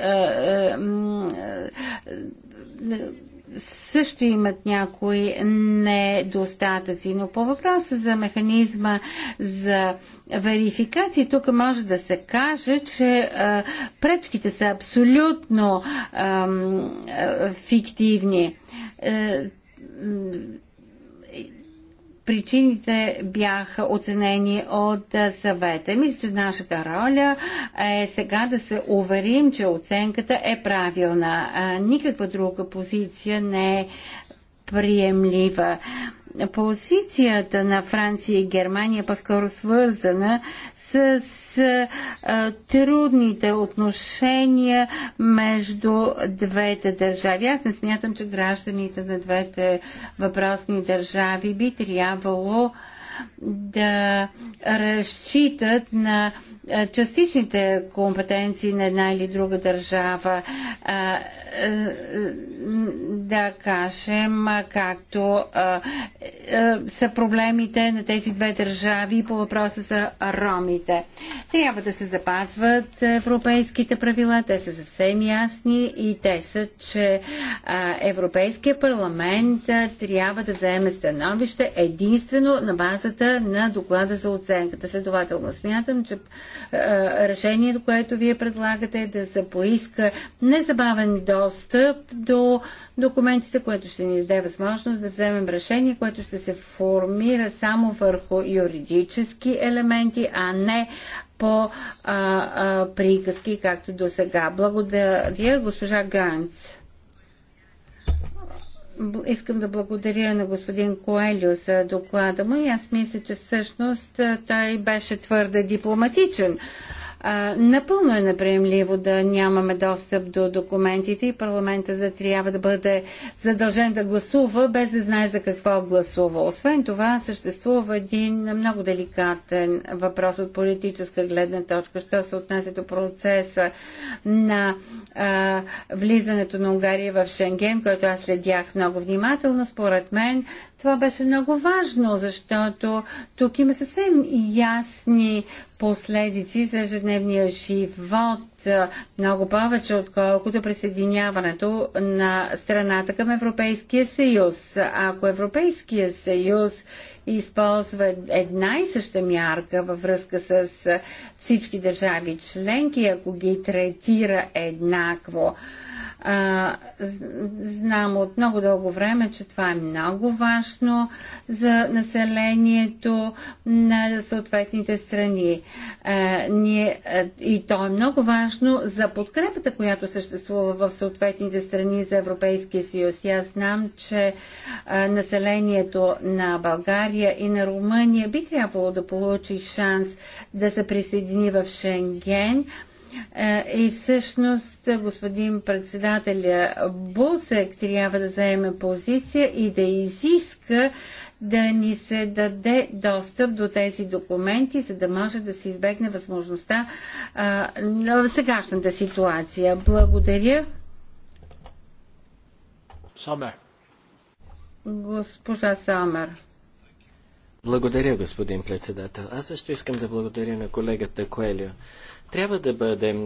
S2: също имат някои недостатъци. Но по въпроса за механизма за верификация, тук може да се каже, че а, пречките са абсолютно а, а, фиктивни. А, е, Причините бяха оценени от съвета. Мисля, че нашата роля е сега да се уверим, че оценката е правилна. Никаква друга позиция не е приемлива. Позицията на Франция и Германия е по-скоро свързана с а, трудните отношения между двете държави. Аз не смятам, че гражданите на двете въпросни държави би трябвало да разчитат на частичните компетенции на една или друга държава, да кажем, както са проблемите на тези две държави по въпроса за ромите. Трябва да се запазват европейските правила, те са съвсем ясни и те са, че Европейския парламент трябва да заеме становище единствено на базата на доклада за оценката. Следователно смятам, че е, решението, което вие предлагате, да се поиска незабавен достъп до документите, което ще ни даде възможност да вземем решение, което ще се формира само върху юридически елементи, а не по а, а, приказки, както до сега. Благодаря, госпожа Ганц. Искам да благодаря на господин Коелю за доклада му и аз мисля, че всъщност той беше твърде дипломатичен напълно е неприемливо да нямаме достъп до документите и парламента да трябва да бъде задължен да гласува, без да знае за какво гласува. Освен това, съществува един много деликатен въпрос от политическа гледна точка, що се отнася до процеса на а, влизането на Унгария в Шенген, който аз следях много внимателно. Според мен това беше много важно, защото тук има съвсем ясни последици за ежедневния живот, много повече отколкото присъединяването на страната към Европейския съюз. Ако Европейския съюз използва една и съща мярка във връзка с всички държави членки, ако ги третира еднакво, а, знам от много дълго време, че това е много важно за населението на съответните страни. А, е, ние, е, и то е много важно за подкрепата, която съществува в съответните страни за Европейския съюз. И аз знам, че а, е, населението на България и на Румъния би трябвало да получи шанс да се присъедини в Шенген е, и всъщност господин председателя Бусек трябва да заеме позиция и да изиска да ни се даде достъп до тези документи, за да може да се избегне възможността на сегашната ситуация. Благодаря. Сомер. Госпожа Самер.
S1: Благодаря, господин председател. Аз също искам да благодаря на колегата Коелио. Трябва да бъдем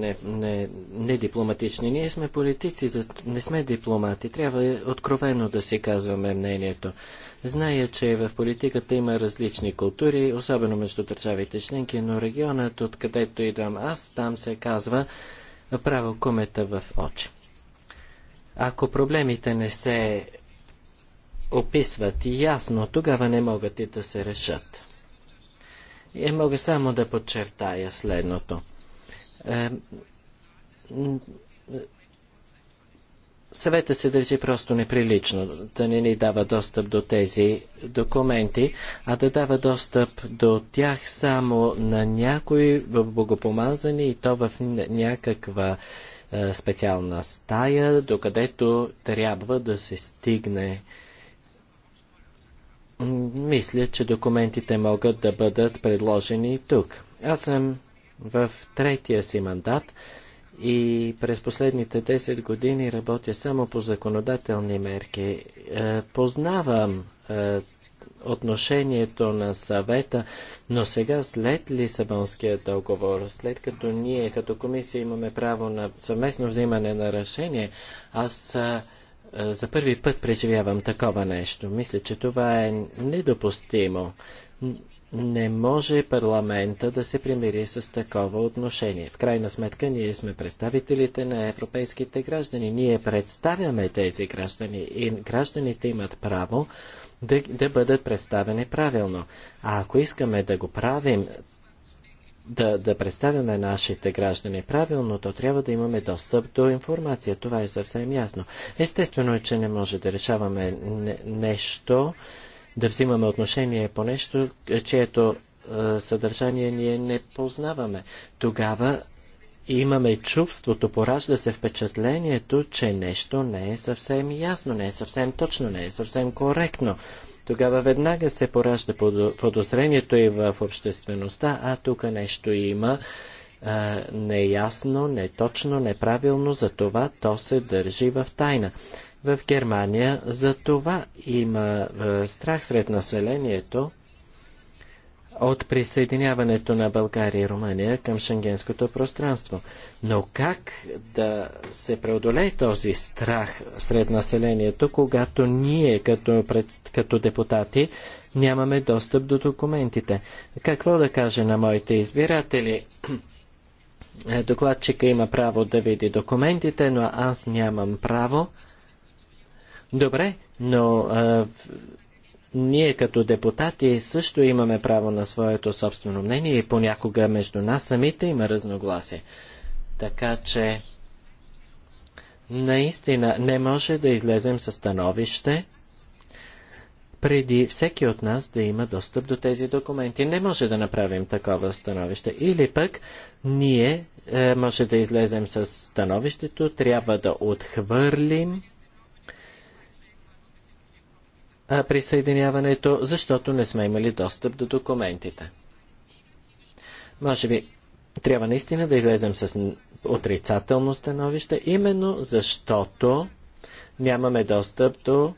S1: недипломатични. Не, не Ние сме политици, не сме дипломати. Трябва откровено да си казваме мнението. Зная, че в политиката има различни култури, особено между държавите членки, но регионът, откъдето идвам аз, там се казва право комета в очи. Ако проблемите не се описват ясно, тогава не могат и да се решат. И е, мога само да подчертая следното. Съвета се държи просто неприлично да не ни дава достъп до тези документи, а да дава достъп до тях само на някои богопомазани и то в някаква е, специална стая, докъдето трябва да се стигне. Мисля, че документите могат да бъдат предложени тук. Аз съм в третия си мандат и през последните 10 години работя само по законодателни мерки. Е, познавам е, отношението на съвета, но сега след Лисабонския договор, след като ние като комисия имаме право на съвместно взимане на решение, аз е, за първи път преживявам такова нещо. Мисля, че това е недопустимо. Не може парламента да се примири с такова отношение. В крайна сметка ние сме представителите на европейските граждани. Ние представяме тези граждани и гражданите имат право да, да бъдат представени правилно. А ако искаме да го правим, да, да представяме нашите граждани правилно, то трябва да имаме достъп до информация. Това е съвсем ясно. Естествено е, че не може да решаваме нещо, да взимаме отношение по нещо, чието е, съдържание ние не познаваме. Тогава имаме чувството, поражда се впечатлението, че нещо не е съвсем ясно, не е съвсем точно, не е съвсем коректно. Тогава веднага се поражда подозрението и в обществеността, а тук нещо има неясно, неточно, неправилно, затова то се държи в тайна в Германия. За това има е, страх сред населението от присъединяването на България и Румъния към шенгенското пространство. Но как да се преодолее този страх сред населението, когато ние като, пред, като депутати нямаме достъп до документите? Какво да кажа на моите избиратели? Е, докладчика има право да види документите, но аз нямам право Добре, но а, ние като депутати също имаме право на своето собствено мнение и понякога между нас самите има разногласие. Така че наистина не може да излезем със становище преди всеки от нас да има достъп до тези документи. Не може да направим такова становище. Или пък ние е, може да излезем с становището, трябва да отхвърлим присъединяването, защото не сме имали достъп до документите. Може би трябва наистина да излезем с отрицателно становище, именно защото нямаме достъп до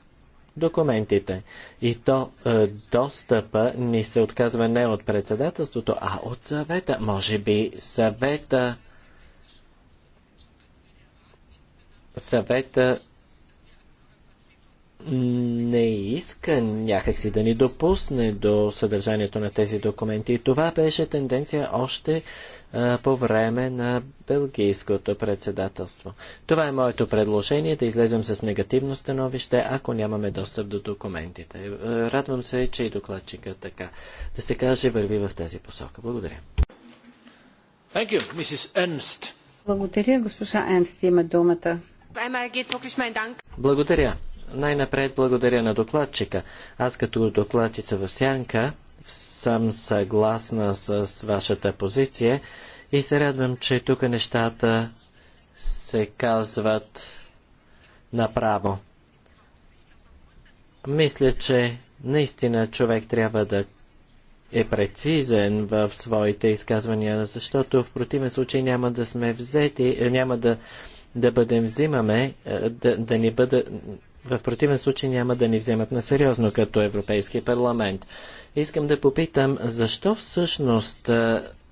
S1: документите. И то е, достъпа ни се отказва не от председателството, а от съвета. Може би съвета съвета не иска някакси да ни допусне до съдържанието на тези документи. И това беше тенденция още по време на белгийското председателство. Това е моето предложение да излезем с негативно становище, ако нямаме достъп до документите. Е, радвам се, че и докладчика така да се каже върви в тази посока. Благодаря. Thank you, Mrs. Ernst.
S2: Благодаря, госпожа Енст има думата.
S1: Благодаря. Най-напред благодаря на докладчика. Аз като докладчица в Сянка съм съгласна с вашата позиция и се радвам, че тук нещата се казват направо. Мисля, че наистина човек трябва да е прецизен в своите изказвания, защото в противен случай няма да сме взети, няма да, да бъдем взимаме, е, да, да ни бъде, в противен случай няма да ни вземат на сериозно като Европейски парламент. Искам да попитам, защо всъщност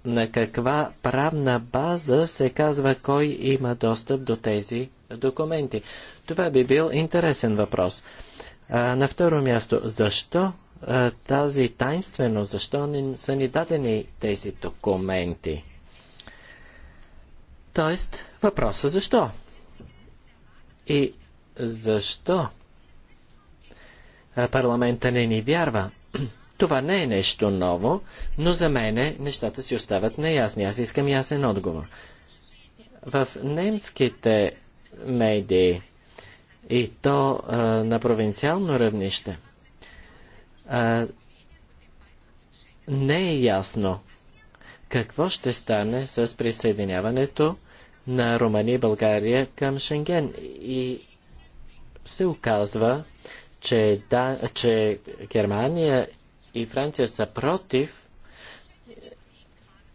S1: на каква правна база се казва кой има достъп до тези документи? Това би бил интересен въпрос. А, на второ място, защо а, тази тайнствено, защо ни, са ни дадени тези документи? Тоест, въпроса защо? И защо парламента не ни вярва. Това не е нещо ново, но за мене нещата си остават неясни. Аз искам ясен отговор. В немските медии и то а, на провинциално равнище а, не е ясно какво ще стане с присъединяването на Румъния и България към Шенген и се оказва, че, да, че Германия и Франция са против,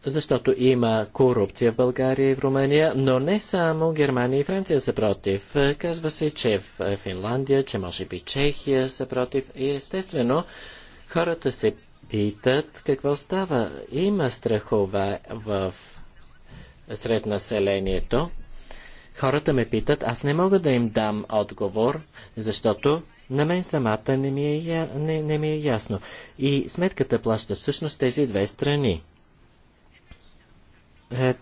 S1: защото има корупция в България и в Румъния, но не само Германия и Франция са против. Казва се, че в Финландия, че може би Чехия са против. И естествено, хората се питат какво става. Има страхове в сред населението. Хората ме питат, аз не мога да им дам отговор, защото на мен самата не ми е, не, не ми е ясно. И сметката плаща всъщност тези две страни. Е,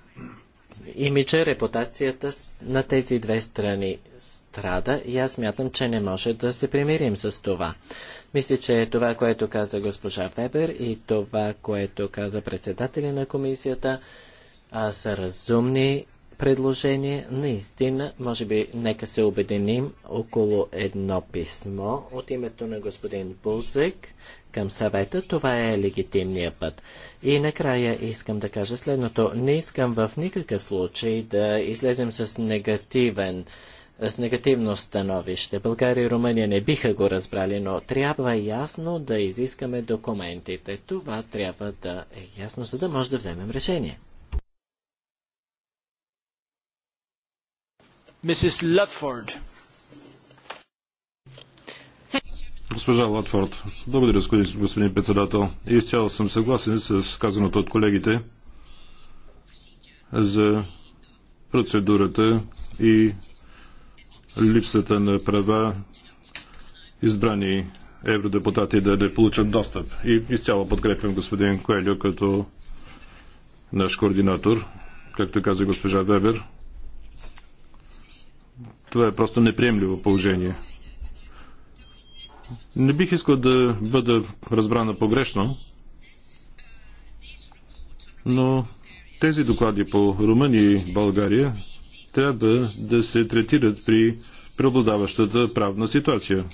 S1: имиджа, репутацията на тези две страни страда и аз мятам, че не може да се примирим с това. Мисля, че това, което каза госпожа Вебер и това, което каза председателя на комисията, а, са разумни предложение. Наистина, може би, нека се обединим около едно писмо от името на господин Бузек към съвета. Това е легитимния път. И накрая искам да кажа следното. Не искам в никакъв случай да излезем с негативен с негативно становище. България и Румъния не биха го разбрали, но трябва ясно да изискаме документите. Това трябва да е ясно, за да може да вземем решение.
S3: Госпожа Латфорд, благодаря, господин председател. Изцяло съм съгласен с казаното от колегите за процедурата и липсата на права избрани евродепутати да не получат достъп. И изцяло подкрепям господин Коелю като наш координатор, както каза госпожа Вебер. Това е просто неприемливо положение. Не бих искал да бъда разбрана погрешно, но тези доклади по Румъния и България трябва да се третират при преобладаващата правна ситуация,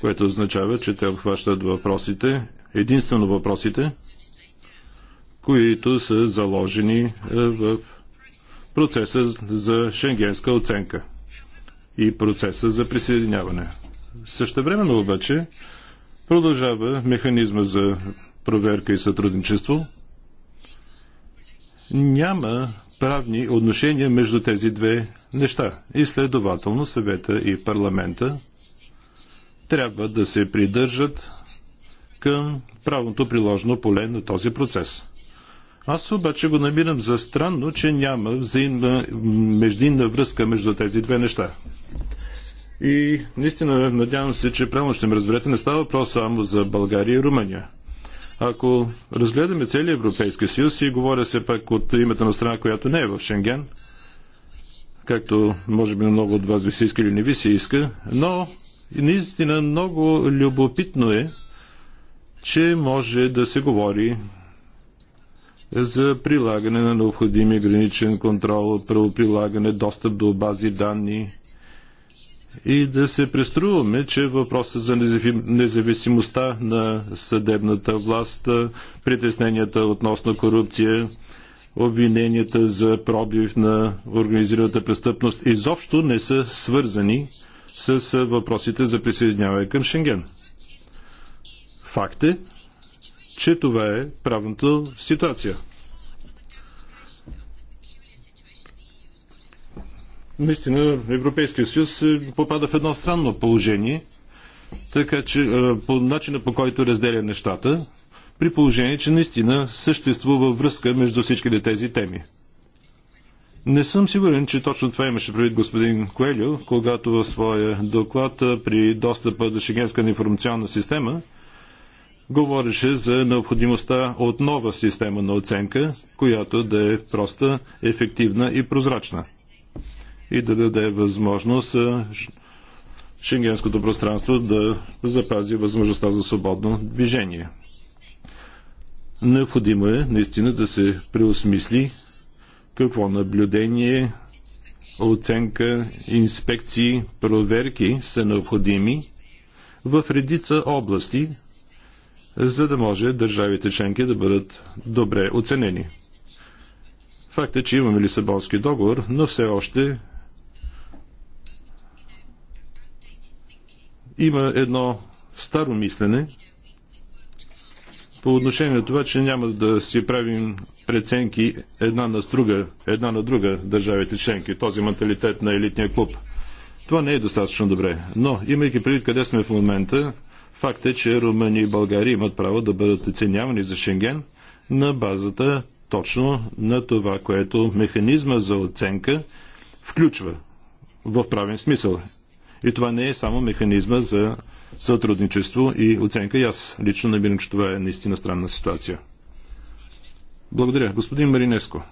S3: което означава, че те обхващат въпросите, единствено въпросите, които са заложени е, в процеса за шенгенска оценка и процеса за присъединяване. Същевременно обаче продължава механизма за проверка и сътрудничество. Няма правни отношения между тези две неща. И следователно съвета и парламента трябва да се придържат към правното приложено поле на този процес. Аз обаче го намирам за странно, че няма взаимна междинна връзка между тези две неща. И наистина надявам се, че правилно ще ме разберете. Не става въпрос само за България и Румъния. Ако разгледаме целият Европейски съюз и говоря се пак от името на страна, която не е в Шенген, както може би много от вас ви се иска или не ви се иска, но наистина много любопитно е, че може да се говори за прилагане на необходимия граничен контрол, правоприлагане, достъп до бази данни и да се преструваме, че въпросът за независимостта на съдебната власт, притесненията относно корупция, обвиненията за пробив на организираната престъпност изобщо не са свързани с въпросите за присъединяване към Шенген. Факт е, че това е правната ситуация. Наистина Европейския съюз е, попада в едно странно положение, така че е, по начина по който разделя нещата, при положение, че наистина съществува връзка между всичките тези теми. Не съм сигурен, че точно това имаше предвид господин Коелю, когато в своя доклад е, при достъпа до Шенгенска информационна система – говореше за необходимостта от нова система на оценка, която да е проста, ефективна и прозрачна и да даде възможност шенгенското пространство да запази възможността за свободно движение. Необходимо е наистина да се преосмисли какво наблюдение, оценка, инспекции, проверки са необходими в редица области, за да може държавите членки да бъдат добре оценени. Факт е, че имаме Лисабонски договор, но все още има едно старо мислене по отношение на това, че няма да си правим преценки една на друга, една на друга държавите членки, този менталитет на елитния клуб. Това не е достатъчно добре. Но, имайки предвид къде сме в момента, Факт е, че Румъния и България имат право да бъдат оценявани за Шенген на базата точно на това, което механизма за оценка включва в правен смисъл. И това не е само механизма за сътрудничество и оценка. И аз лично намирам, че това е наистина странна ситуация. Благодаря. Господин Маринеско.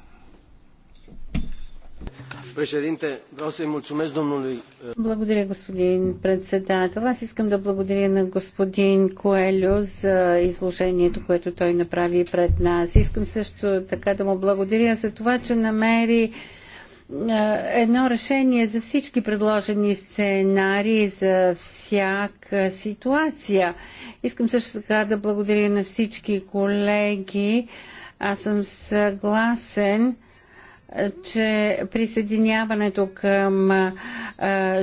S1: Uh,
S2: благодаря, господин председател. Аз искам да благодаря на господин Коелю за изложението, което той направи пред нас. Искам също така да му благодаря за това, че намери uh, едно решение за всички предложени сценарии, за всяка ситуация. Искам също така да благодаря на всички колеги. Аз съм съгласен че присъединяването към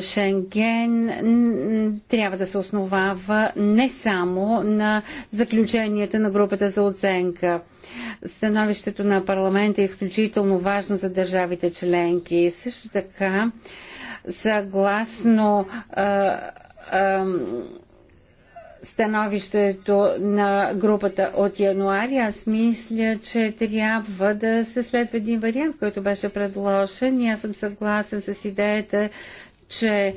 S2: Шенген трябва да се основава не само на заключенията на групата за оценка. Становището на парламента е изключително важно за държавите членки. Също така, съгласно становището на групата от януари, аз мисля, че трябва да се следва един вариант, който беше предложен и аз съм съгласен с идеята, че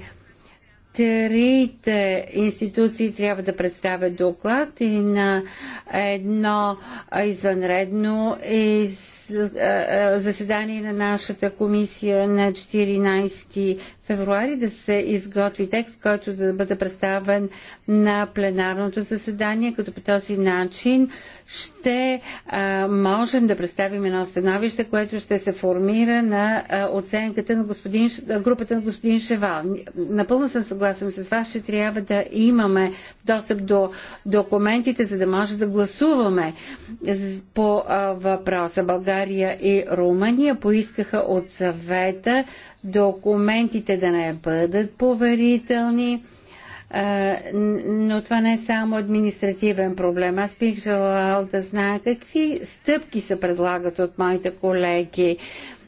S2: трите институции трябва да представят доклад и на едно извънредно е, е, заседание на нашата комисия на 14 февруари да се изготви текст, който да бъде представен на пленарното заседание, като по този начин ще а, можем да представим едно становище, което ще се формира на а, оценката на господин, групата на господин Шевал. Напълно съм съгласен с вас, че трябва да имаме достъп до документите, за да може да гласуваме по а, въпроса. България и Румъния поискаха от съвета документите да не бъдат поверителни, но това не е само административен проблем. Аз бих желал да знае какви стъпки се предлагат от моите колеги,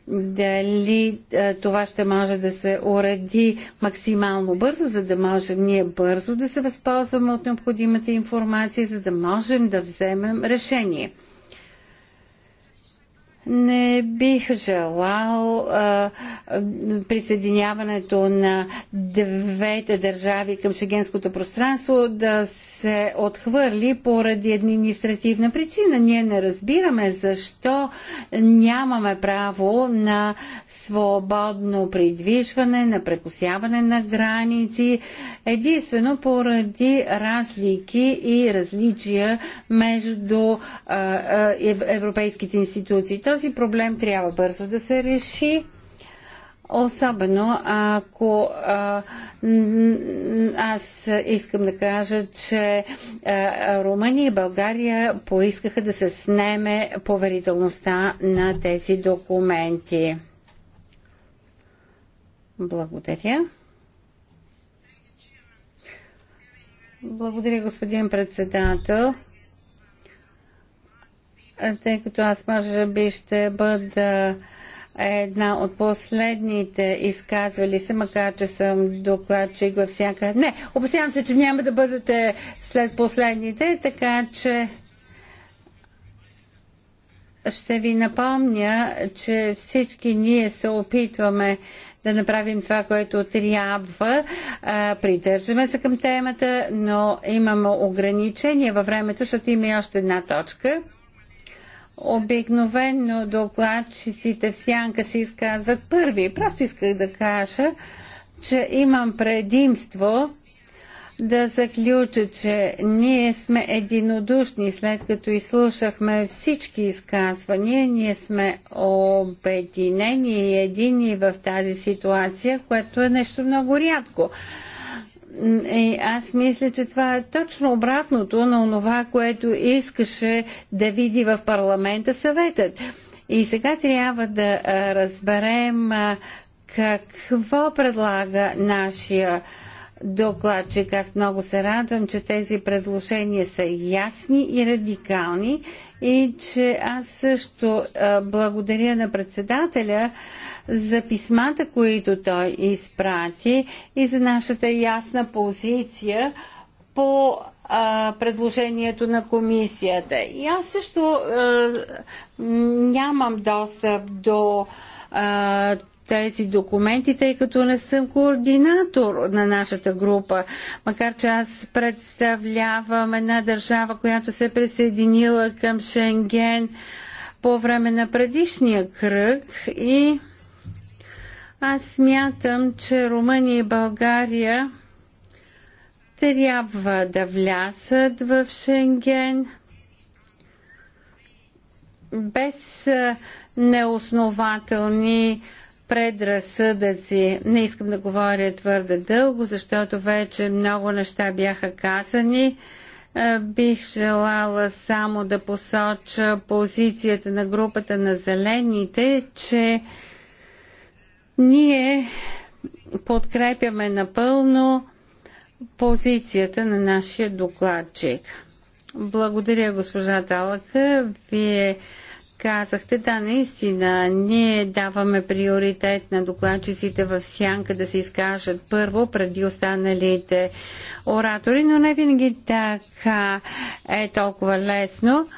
S2: дали това ще може да се уреди максимално бързо, за да можем ние бързо да се възползваме от необходимата информация, за да можем да вземем решение. Не бих желал а, присъединяването на двете държави към шегенското пространство да се се отхвърли поради административна причина. Ние не разбираме защо нямаме право на свободно придвижване, на прекусяване на граници, единствено поради разлики и различия между европейските институции. Този проблем трябва бързо да се реши Особено ако а, аз искам да кажа, че Румъния и България поискаха да се снеме поверителността на тези документи. Благодаря. Благодаря, господин председател. Тъй като аз може би ще бъда една от последните изказвали се, макар че съм докладчик във всяка... Не, опасявам се, че няма да бъдете след последните, така че ще ви напомня, че всички ние се опитваме да направим това, което трябва. Придържаме се към темата, но имаме ограничения във времето, защото има и още една точка. Обикновено докладчиците в сянка се изказват първи. Просто исках да кажа, че имам предимство да заключа, че ние сме единодушни, след като изслушахме всички изказвания, ние сме обединени и едини в тази ситуация, което е нещо много рядко. И е, аз мисля, че това е точно обратното на това, което искаше да види в парламента съветът. И сега трябва да разберем какво предлага нашия докладчик. Аз много се радвам, че тези предложения са ясни и радикални и че аз също благодаря на председателя за писмата, които той изпрати и за нашата ясна позиция по а, предложението на комисията. И аз също а, нямам достъп до тези документи, тъй като не съм координатор на нашата група, макар че аз представлявам една държава, която се е присъединила към Шенген по време на предишния кръг и аз смятам, че Румъния и България трябва да влязат в Шенген без неоснователни предразсъдъци. Не искам да говоря твърде дълго, защото вече много неща бяха казани. Е, бих желала само да посоча позицията на групата на зелените, че ние подкрепяме напълно позицията на нашия докладчик. Благодаря, госпожа Талака. Вие казахте. Да, наистина, ние даваме приоритет на докладчиците в сянка да се изкажат първо преди останалите оратори, но не винаги така е толкова лесно.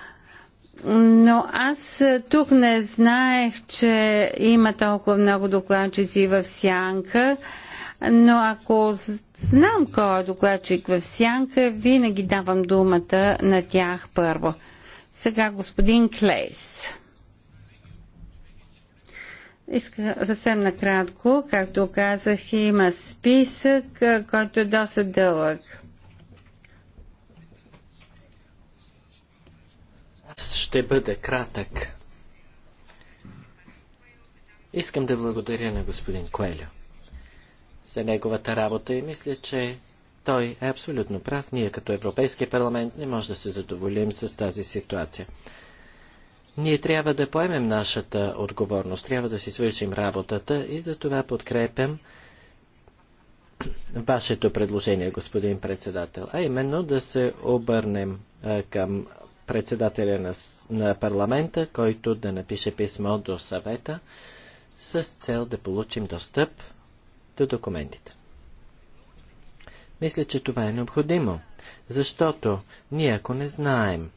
S2: Но аз тук не знаех, че има толкова много докладчици в сянка, но ако знам кой е докладчик в сянка, винаги давам думата на тях първо. Сега господин Клейс. Иска съвсем накратко, както казах, има списък, който е доста дълъг.
S1: Ще бъде кратък. Искам да благодаря на господин Коелю за неговата работа и мисля, че той е абсолютно прав. Ние като Европейския парламент не може да се задоволим с тази ситуация. Ние трябва да поемем нашата отговорност, трябва да си свършим работата и за това подкрепям вашето предложение, господин председател, а именно да се обърнем към председателя на парламента, който да напише писмо до съвета с цел да получим достъп до документите. Мисля, че това е необходимо, защото ние ако не знаем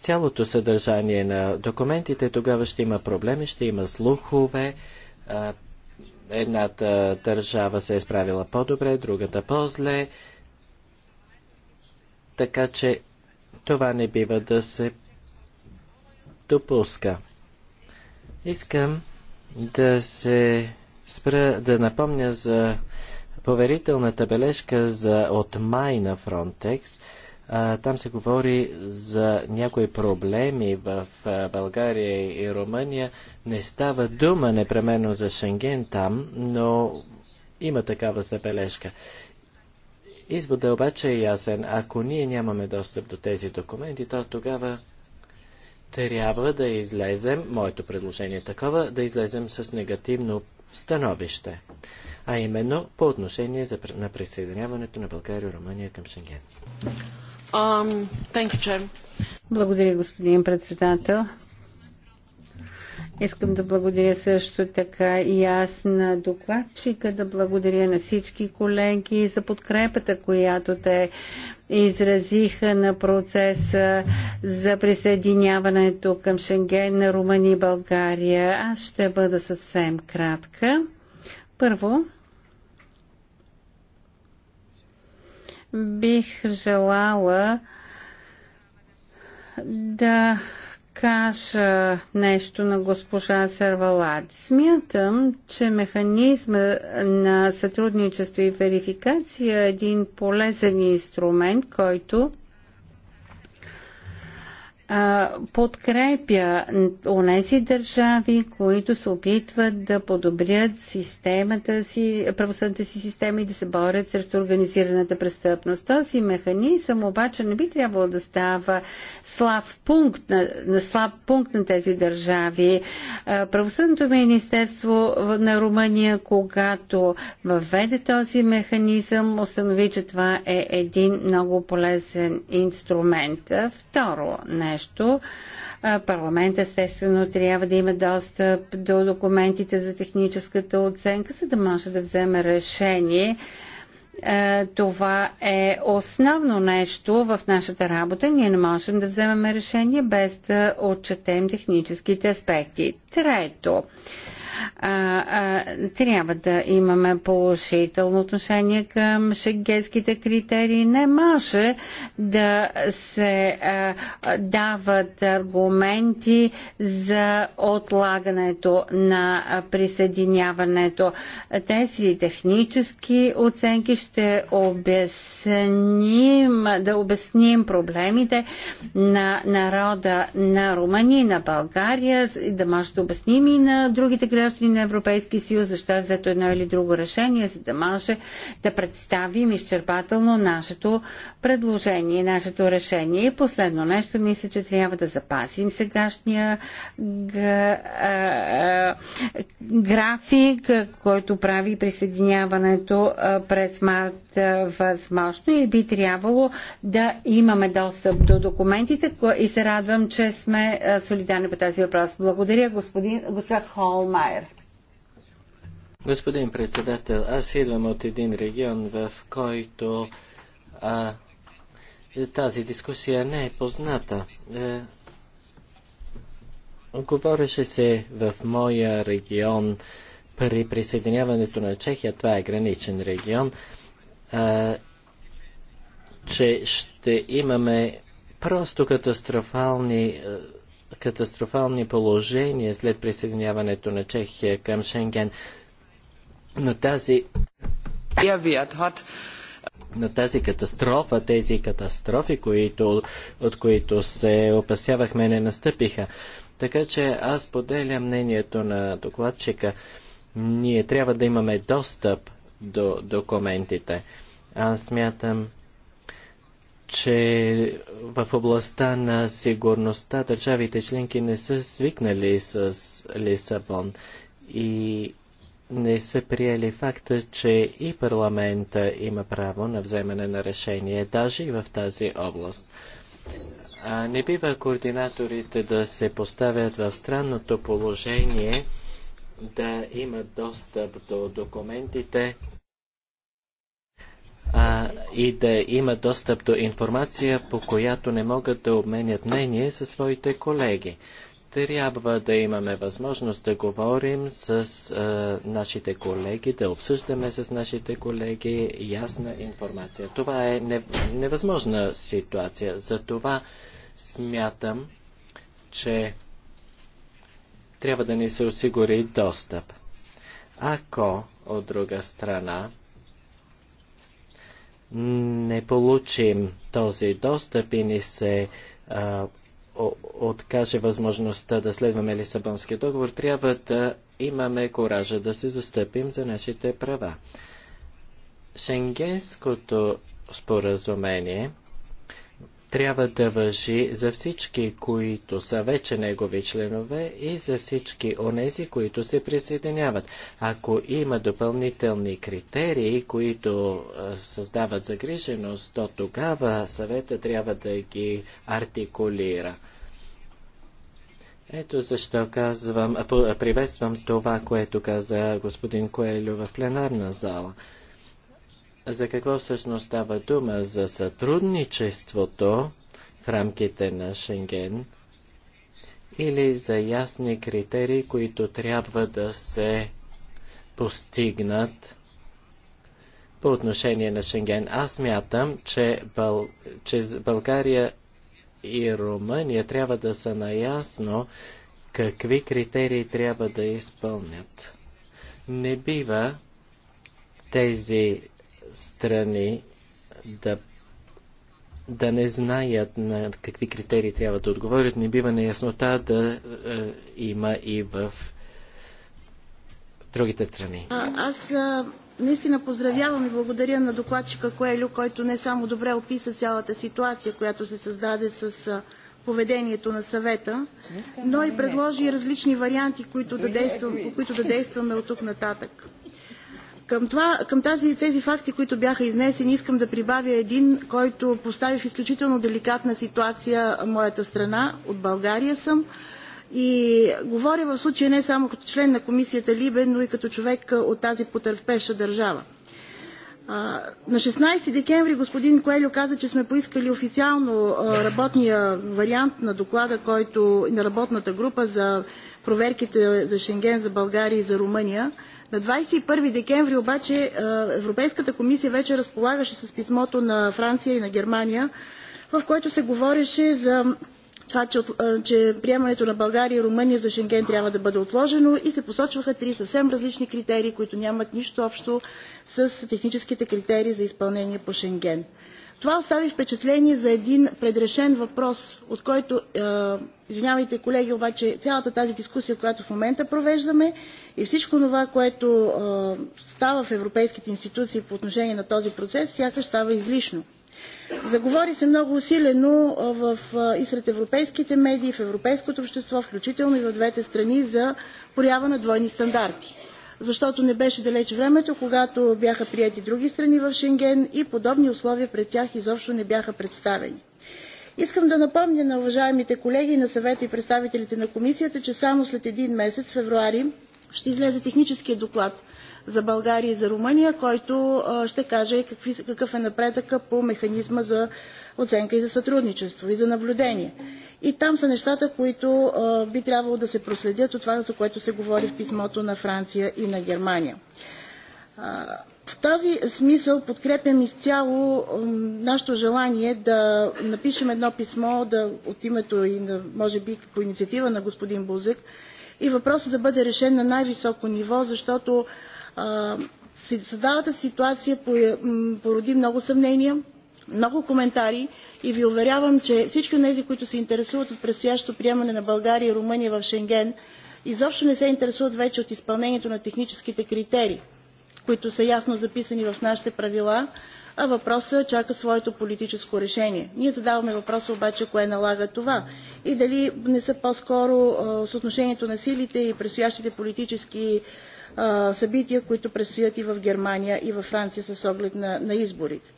S1: цялото съдържание на документите, тогава ще има проблеми, ще има слухове, едната държава се е справила по-добре, другата по-зле, така че това не бива да се допуска. Искам да се спра, да напомня за поверителната бележка за, от май на Фронтекс. Там се говори за някои проблеми в България и Румъния. Не става дума непременно за Шенген там, но има такава забележка. Извода е обаче е ясен. Ако ние нямаме достъп до тези документи, то тогава трябва да излезем, моето предложение е такова, да излезем с негативно становище, а именно по отношение за, на присъединяването на България и Румъния към Шенген. Um, thank you,
S2: Благодаря, господин председател. Искам да благодаря също така и аз на докладчика, да благодаря на всички колеги за подкрепата, която те изразиха на процеса за присъединяването към Шенген на Румъния и България. Аз ще бъда съвсем кратка. Първо, бих желала да кажа нещо на госпожа Сервалат. Смятам, че механизма на сътрудничество и верификация е един полезен инструмент, който подкрепя онези държави, които се опитват да подобрят системата си, правосъдната си система и да се борят срещу организираната престъпност. Този механизъм обаче не би трябвало да става слаб пункт на, на слаб пункт на тези държави. Правосъдното министерство на Румъния, когато въведе този механизъм, установи, че това е един много полезен инструмент. Второ нещо нещо. Парламент естествено трябва да има достъп до документите за техническата оценка, за да може да вземе решение това е основно нещо в нашата работа. Ние не можем да вземем решение без да отчетем техническите аспекти. Трето, трябва да имаме положително отношение към шенгенските критерии. Не може да се дават аргументи за отлагането на присъединяването. Тези технически оценки ще обясним, да обясним проблемите на народа на Румъния и на България, да може да обясним и на другите граждани граждани на Европейски съюз, защо е взето едно или друго решение, за да може да представим изчерпателно нашето предложение, нашето решение. И последно нещо, мисля, че трябва да запазим сегашния график, който прави присъединяването през март възможно и би трябвало да имаме достъп до документите и се радвам, че сме солидарни по тази въпрос. Благодаря, господин, госпожа Холмай.
S1: Господин председател, аз идвам от един регион, в който а, тази дискусия не е позната. Е, говореше се в моя регион при присъединяването на Чехия, това е граничен регион, а, е, че ще имаме просто катастрофални, е, катастрофални положения след присъединяването на Чехия към Шенген. Но тази... Но тази катастрофа, тези катастрофи, които, от които се опасявахме, не настъпиха. Така че аз поделя мнението на докладчика. Ние трябва да имаме достъп до документите. Аз смятам, че в областта на сигурността държавите членки не са свикнали с Лисабон и не са приели факта, че и парламента има право на вземане на решение, даже и в тази област. А не бива координаторите да се поставят в странното положение да имат достъп до документите а, и да имат достъп до информация, по която не могат да обменят мнение със своите колеги трябва да имаме възможност да говорим с а, е, нашите колеги, да обсъждаме с нашите колеги ясна информация. Това е невъзможна ситуация. Затова смятам, че трябва да ни се осигури достъп. Ако, от друга страна, не получим този достъп и ни се а, откаже възможността да следваме Лисабонския договор, трябва да имаме коража да се застъпим за нашите права. Шенгенското споразумение трябва да въжи за всички, които са вече негови членове и за всички онези, които се присъединяват. Ако има допълнителни критерии, които създават загриженост, то тогава съвета трябва да ги артикулира. Ето защо казвам, приветствам това, което каза господин Коелю в пленарна зала за какво всъщност става дума? За сътрудничеството в рамките на Шенген или за ясни критерии, които трябва да се постигнат по отношение на Шенген. Аз мятам, че, Бъл... че България и Румъния трябва да са наясно какви критерии трябва да изпълнят. Не бива тези страни да, да не знаят на какви критерии трябва да отговорят, не бива неяснота да е, има и в другите страни.
S4: А, аз а, е, наистина поздравявам и благодаря на докладчика Коелю, който не само добре описа цялата ситуация, която се създаде с а, е, поведението на съвета, но и предложи различни варианти, които да, действам, които да действаме от тук нататък. Към, това, към тази, тези факти, които бяха изнесени, искам да прибавя един, който постави в изключително деликатна ситуация моята страна. От България съм. И говоря в случая не само като член на комисията Либе, но и като човек от тази потърпевша държава. На 16 декември господин Коелю каза, че сме поискали официално работния вариант на доклада, който на работната група за проверките за Шенген, за България и за Румъния. На 21 декември обаче е, Европейската комисия вече разполагаше с писмото на Франция и на Германия, в което се говореше за това, че, е, че приемането на България и Румъния за Шенген трябва да бъде отложено и се посочваха три съвсем различни критерии, които нямат нищо общо с техническите критерии за изпълнение по Шенген. Това остави впечатление за един предрешен въпрос, от който, е, извинявайте колеги, обаче цялата тази дискусия, която в момента провеждаме и всичко това, което е, става в европейските институции по отношение на този процес, сякаш става излишно. Заговори се много усилено е, в, е, и сред европейските медии, в европейското общество, включително и в двете страни за проява на двойни стандарти защото не беше далеч времето, когато бяха приети други страни в Шенген и подобни условия пред тях изобщо не бяха представени. Искам да напомня на уважаемите колеги на съвета и представителите на комисията, че само след един месец, февруари, ще излезе техническия доклад за България и за Румъния, който ще каже какви, какъв е напредъка по механизма за оценка и за сътрудничество и за наблюдение. И там са нещата, които би трябвало да се проследят от това, за което се говори в писмото на Франция и на Германия. В този смисъл подкрепям изцяло нашето желание да напишем едно писмо да, от името и на, може би по инициатива на господин Бузек и въпросът да бъде решен на най-високо ниво, защото създалата ситуация породи много съмнения, много коментари и ви уверявам, че всички от тези, които се интересуват от предстоящото приемане на България и Румъния в Шенген, изобщо не се интересуват вече от изпълнението на техническите критерии, които са ясно записани в нашите правила, а въпросът е, чака своето политическо решение. Ние задаваме въпроса обаче кое налага това и дали не са по-скоро съотношението на силите и предстоящите политически събития, които предстоят и в Германия, и във Франция с оглед на, на изборите.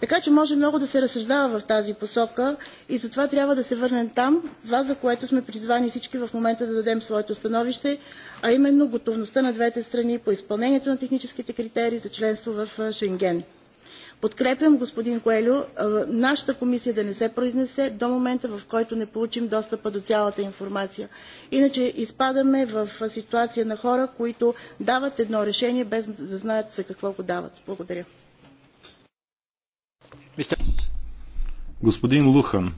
S4: Така че може много да се разсъждава в тази посока и затова трябва да се върнем там, това за което сме призвани всички в момента да дадем своето становище, а именно готовността на двете страни по изпълнението на техническите критерии за членство в Шенген. Подкрепям господин Коелю, нашата комисия да не се произнесе до момента, в който не получим достъпа до цялата информация. Иначе изпадаме в ситуация на хора, които дават едно решение, без да знаят за какво го дават. Благодаря.
S3: Господин Лухан.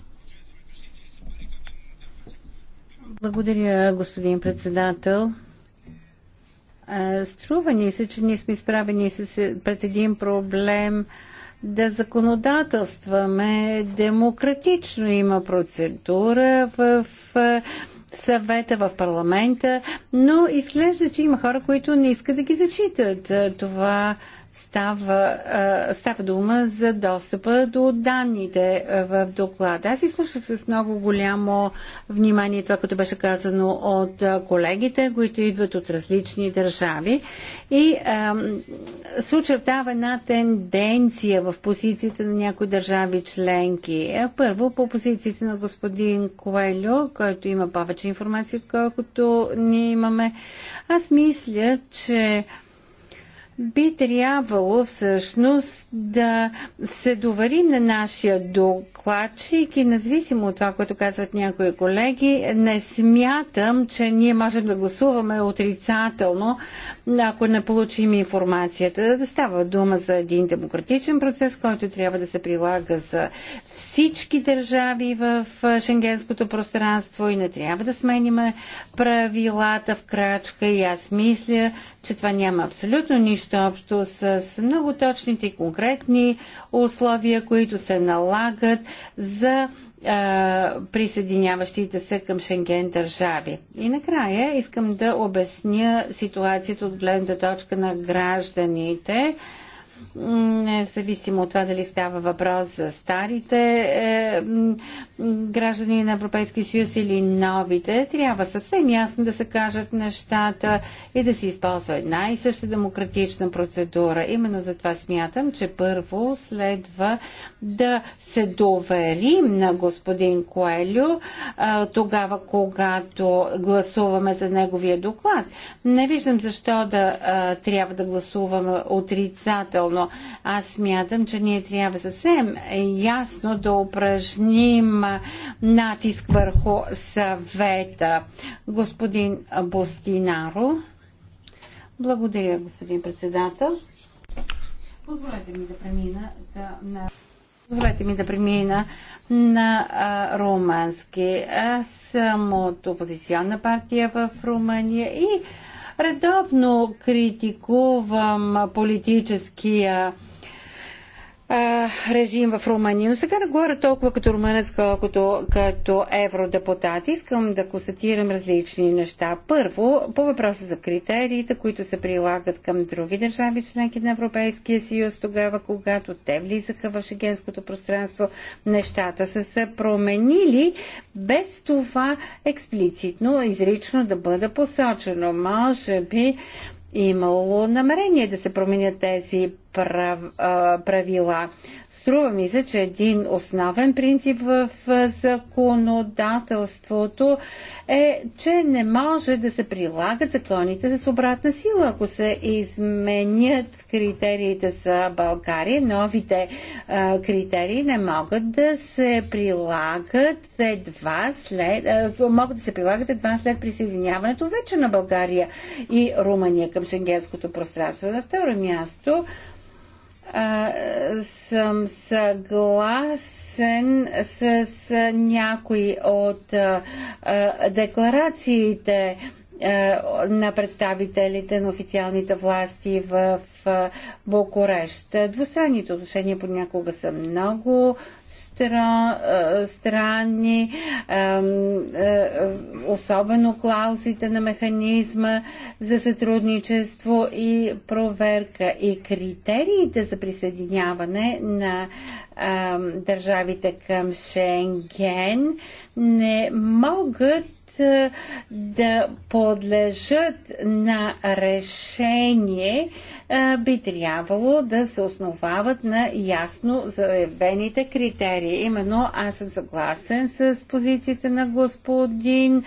S2: Благодаря, господин председател. Струва ни се, че ние сме изправени пред един проблем, да законодателстваме демократично. Има процедура в съвета, в парламента, но изглежда, че има хора, които не искат да ги зачитат. Това става, става дума за достъпа до данните в доклада. Аз изслушах с много голямо внимание това, което беше казано от колегите, които идват от различни държави и ам, се очертава една тенденция в позицията на някои държави членки. Първо по позициите на господин Коелю, който има повече информация, отколкото ние имаме. Аз мисля, че би трябвало всъщност да се доварим на нашия докладчик и независимо от това, което казват някои колеги, не смятам, че ние можем да гласуваме отрицателно, ако не получим информацията. Да става дума за един демократичен процес, който трябва да се прилага за всички държави в шенгенското пространство и не трябва да сменяме правилата в крачка и аз мисля, че това няма абсолютно нищо нищо общо с много точните и конкретни условия, които се налагат за присъединяващите се към Шенген държави. И накрая искам да обясня ситуацията от гледната точка на гражданите независимо от това дали става въпрос за старите е, граждани на Европейския съюз или новите, трябва съвсем ясно да се кажат нещата и да се използва една и съща демократична процедура. Именно за това смятам, че първо следва да се доверим на господин Коелю е, тогава, когато гласуваме за неговия доклад. Не виждам защо да е, трябва да гласуваме отрицателно аз смятам, че ние трябва съвсем ясно да упражним натиск върху съвета. Господин Бостинаро. Благодаря, господин председател. Позволете ми да премина да, на... Позволете ми да премина на а, румански. Аз съм от опозиционна партия в Румъния и Редовно критикувам политическия а, режим в Румъния. Но сега не говоря толкова като румънец, колкото като евродепутат. Искам да констатирам различни неща. Първо, по въпроса за критериите, които се прилагат към други държави, членки на Европейския съюз, тогава, когато те влизаха в шегенското пространство, нещата са се променили, без това експлицитно, изрично да бъде посочено. Може би имало намерение да се променят тези прав, а, правила. Струва ми се, че един основен принцип в законодателството е, че не може да се прилагат законите с обратна сила. Ако се изменят критериите за България, новите а, критерии не могат да се прилагат едва след, а, могат да се прилагат едва след присъединяването вече на България и Румъния към шенгенското пространство. На второ място, а, съм съгласен с, с някои от а, декларациите на представителите на официалните власти в Букурещ. Двустранните отношения понякога са много стра, страни, особено клаузите на механизма за сътрудничество и проверка и критериите за присъединяване на държавите към Шенген не могат да подлежат на решение, би трябвало да се основават на ясно заявените критерии. Именно аз съм съгласен с позицията на господин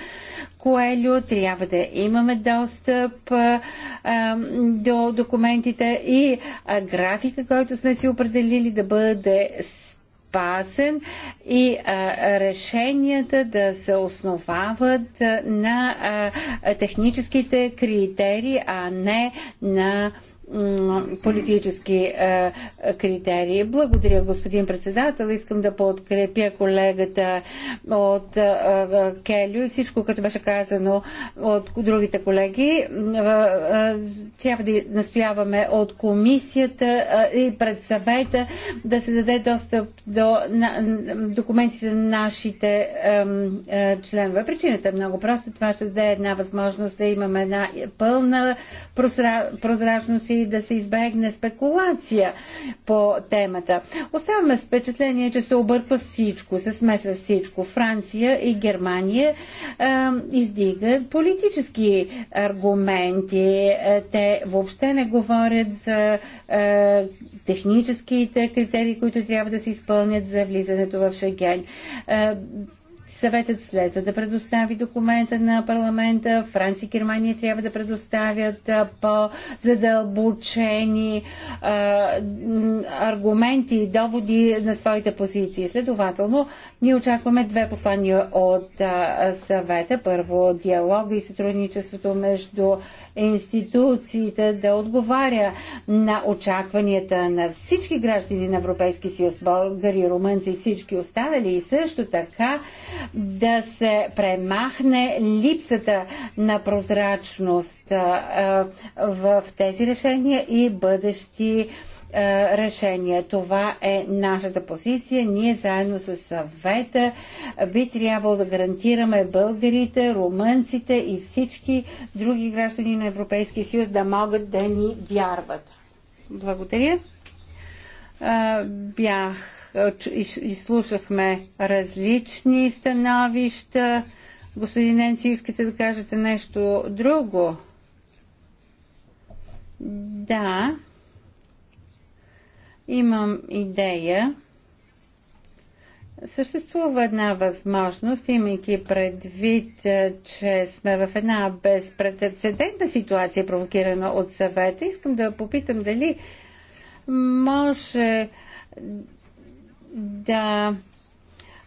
S2: Коелю. Трябва да имаме достъп до документите и графика, който сме си определили да бъде опасен и а, решенията да се основават на а, техническите критерии, а не на а, политически е, е, критерии. Благодаря, господин председател. Искам да подкрепя колегата от е, Келю и всичко, което беше казано от другите колеги. трябва да настояваме от комисията и пред съвета да се даде достъп до документите на нашите членове. Причината е много проста. Това ще даде една възможност да имаме една пълна прозрачност и и да се избегне спекулация по темата. Оставаме с впечатление, че се обърква всичко, се смесва всичко. Франция и Германия е, издигат политически аргументи. Е, те въобще не говорят за е, техническите критерии, които трябва да се изпълнят за влизането в Шенген. Е, Съветът следва да предостави документа на парламента. Франция и Германия трябва да предоставят по-задълбочени аргументи и доводи на своите позиции. Следователно, ние очакваме две послания от а, съвета. Първо, диалога и сътрудничеството между институциите да отговаря на очакванията на всички граждани на Европейския съюз, българи, румънци и всички останали. И също така да се премахне липсата на прозрачност в тези решения и бъдещи решение. Това е нашата позиция. Ние заедно с съвета би трябвало да гарантираме българите, румънците и всички други граждани на Европейския съюз да могат да ни вярват. Благодаря. Бях е, изслушахме различни становища. Господин Ненци, искате да кажете нещо друго? Да. Имам идея. Съществува една възможност, имайки предвид, е, че сме в една безпредседентна ситуация, провокирана от съвета. Искам да попитам дали може да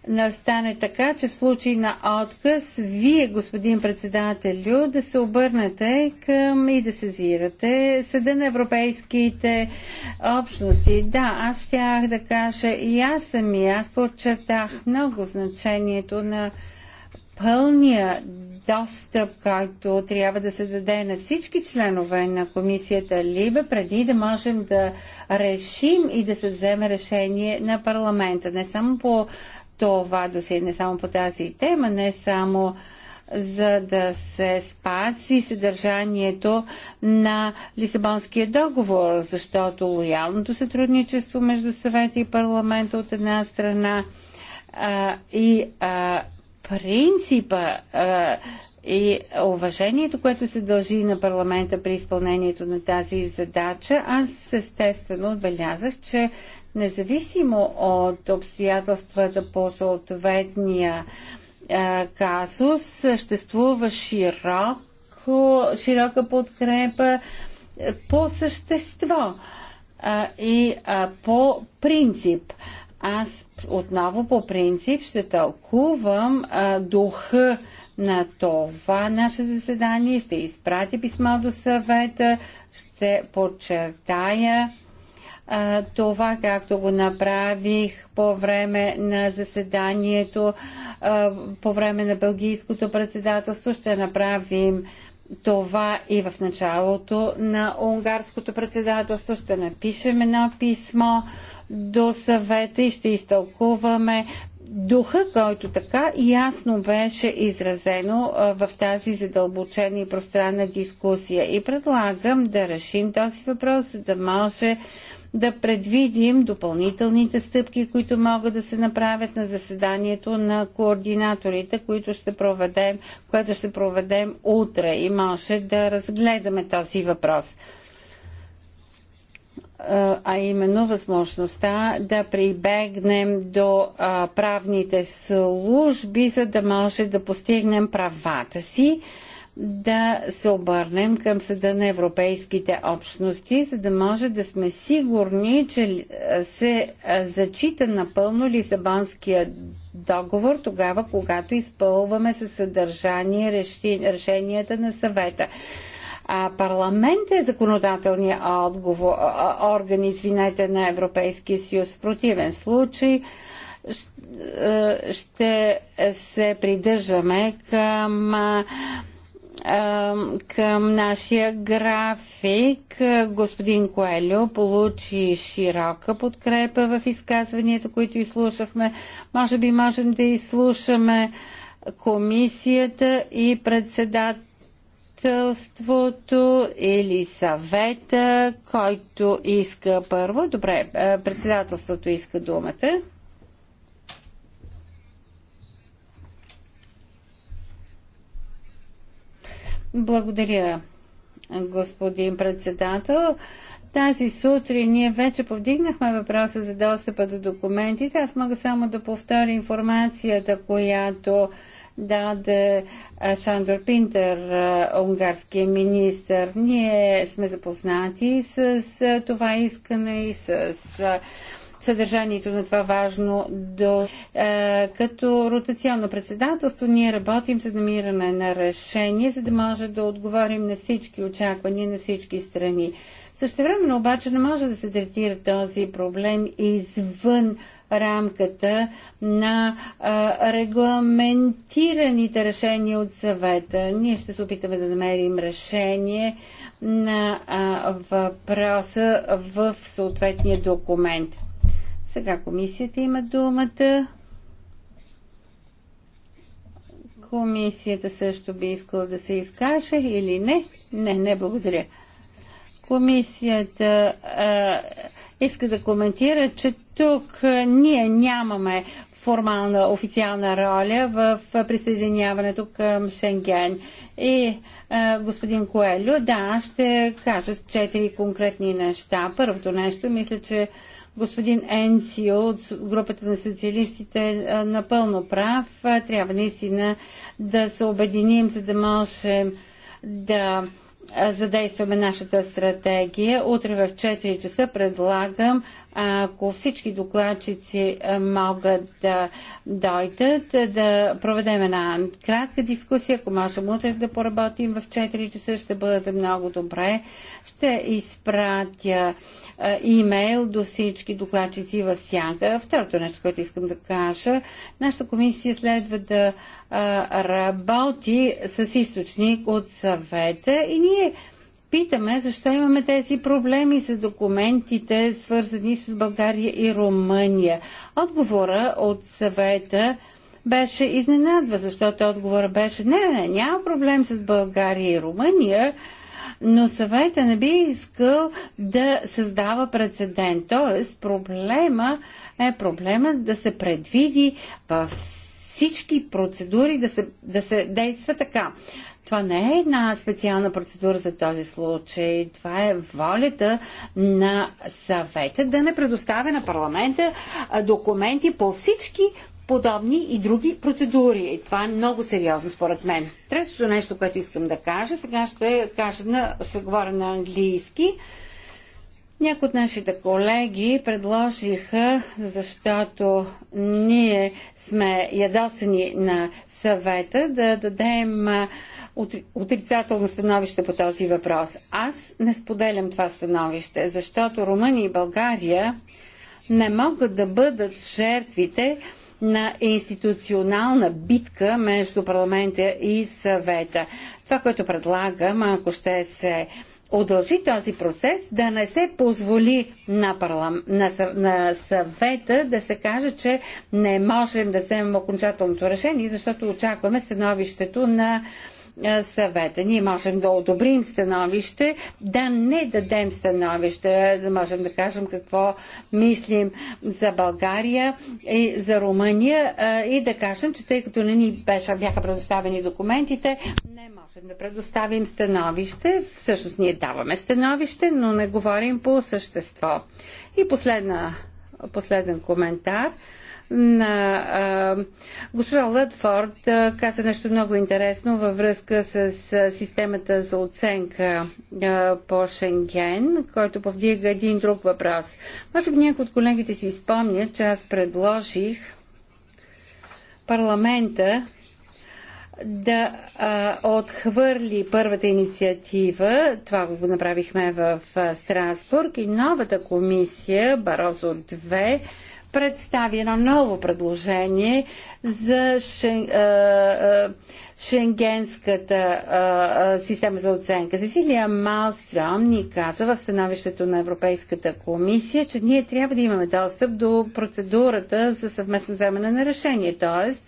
S2: настане така, че в случай на отказ, вие, господин председателю, да се обърнете към и да сезирате Съда на европейските общности. Да, аз щях да кажа и аз сами, аз подчертах много значението на пълния достъп, който трябва да се даде на всички членове на комисията Либе, преди да можем да решим и да се вземе решение на парламента. Не само по това досие, не само по тази тема, не само за да се спаси съдържанието на Лисабонския договор, защото лоялното сътрудничество между съвета и парламента от една страна а, и а, принципа а, и уважението, което се дължи на парламента при изпълнението на тази задача, аз естествено отбелязах, че независимо от обстоятелствата по съответния а, казус, съществува широко, широка подкрепа по същество а, и а, по принцип. А, аз отново по принцип ще тълкувам а, духа на това наше заседание, ще изпратя писма до съвета, ще подчертая а, това, както го направих по време на заседанието, а, по време на бългийското председателство, ще направим това и в началото на унгарското председателство. Ще напишем едно писмо до съвета и ще изтълкуваме духа, който така ясно беше изразено в тази задълбочена и пространна дискусия. И предлагам да решим този въпрос, за да може да предвидим допълнителните стъпки, които могат да се направят на заседанието на координаторите, които ще проведем, което ще проведем утре и може да разгледаме този въпрос а именно възможността да прибегнем до правните служби, за да може да постигнем правата си, да се обърнем към Съда на Европейските общности, за да може да сме сигурни, че се зачита напълно Лисабонския договор тогава, когато изпълваме със съдържание решенията на съвета. А парламент е законодателният отговор, орган, извинете, на Европейския съюз. В противен случай е, ще се придържаме към е, към нашия график. Господин Коелю получи широка подкрепа в изказванията, които изслушахме. Може би можем да изслушаме комисията и председател председателството или съвета, който иска първо. Добре, е, председателството иска думата. Благодаря, господин председател. Тази сутрин ние вече повдигнахме въпроса за достъпа до документите. Аз мога само да повторя информацията, която да, Шандор Пинтер, унгарския министр. Ние сме запознати с това искане и с съдържанието на това важно до, е, като ротационно председателство ние работим за намиране на решение, за да може да отговорим на всички очаквания на всички страни. Същевременно обаче не може да се третира този проблем извън рамката на а, регламентираните решения от съвета. Ние ще се опитаме да намерим решение на а, въпроса в съответния документ. Сега комисията има думата. Комисията също би искала да се изкаже или не? Не, не благодаря. Комисията а, иска да коментира, че тук ние нямаме формална официална роля в присъединяването към Шенген. И а, господин Коелю, да, ще кажа четири конкретни неща. Първото нещо, мисля, че господин Енцио от групата на социалистите е напълно прав. Трябва наистина да се обединим, за да можем да задействаме нашата стратегия. Утре в 4 часа предлагам ако всички докладчици е, могат да дойдат, е, да проведем една кратка дискусия, ако можем утре да поработим в 4 часа, ще бъдете много добре. Ще изпратя е, имейл до всички докладчици в сянка. Второто нещо, което искам да кажа, нашата комисия следва да работи с източник от съвета и ние питаме защо имаме тези проблеми с документите, свързани с България и Румъния. Отговора от съвета беше изненадва, защото отговора беше не, не, няма проблем с България и Румъния, но съвета не би искал да създава прецедент. Тоест проблема е проблема да се предвиди във всички процедури да се, да се действа така. Това не е една специална процедура за този случай. Това е волята на съвета да не предоставя на парламента документи по всички подобни и други процедури. И това е много сериозно, според мен. Третото нещо, което искам да кажа, сега ще, кажа на, ще говоря на английски. Uh, някои от нашите колеги предложиха, защото ние сме ядосани на съвета, да дадем отрицателно становище по този въпрос. Аз не споделям това становище, защото Румъния и България не могат да бъдат жертвите на институционална битка между парламента и съвета. Това, което предлагам, ако ще се удължи този процес, да не се позволи на, парлам... на, съ... на съвета да се каже, че не можем да вземем окончателното решение, защото очакваме становището на е, съвета. Ние можем да одобрим становище, да не дадем становище, да можем да кажем какво мислим за България и за Румъния е, и да кажем, че тъй като не ни беше, бяха предоставени документите, не можем да предоставим становище. Всъщност ние даваме становище, но не говорим по същество. И последна, последен коментар – на а, госпожа Лътфорд а, каза нещо много интересно във връзка с а, системата за оценка а, по Шенген, който повдига един друг въпрос. Може би някои от колегите си спомнят, че аз предложих парламента да а, отхвърли първата инициатива. Това го направихме в а, Страсбург и новата комисия Барозо 2 представи едно ново предложение за шен, а, а, шенгенската а, система за оценка. Сесилия Малстрам ни каза в становището на Европейската комисия, че ние трябва да имаме достъп до процедурата за съвместно вземане на решение. Тоест,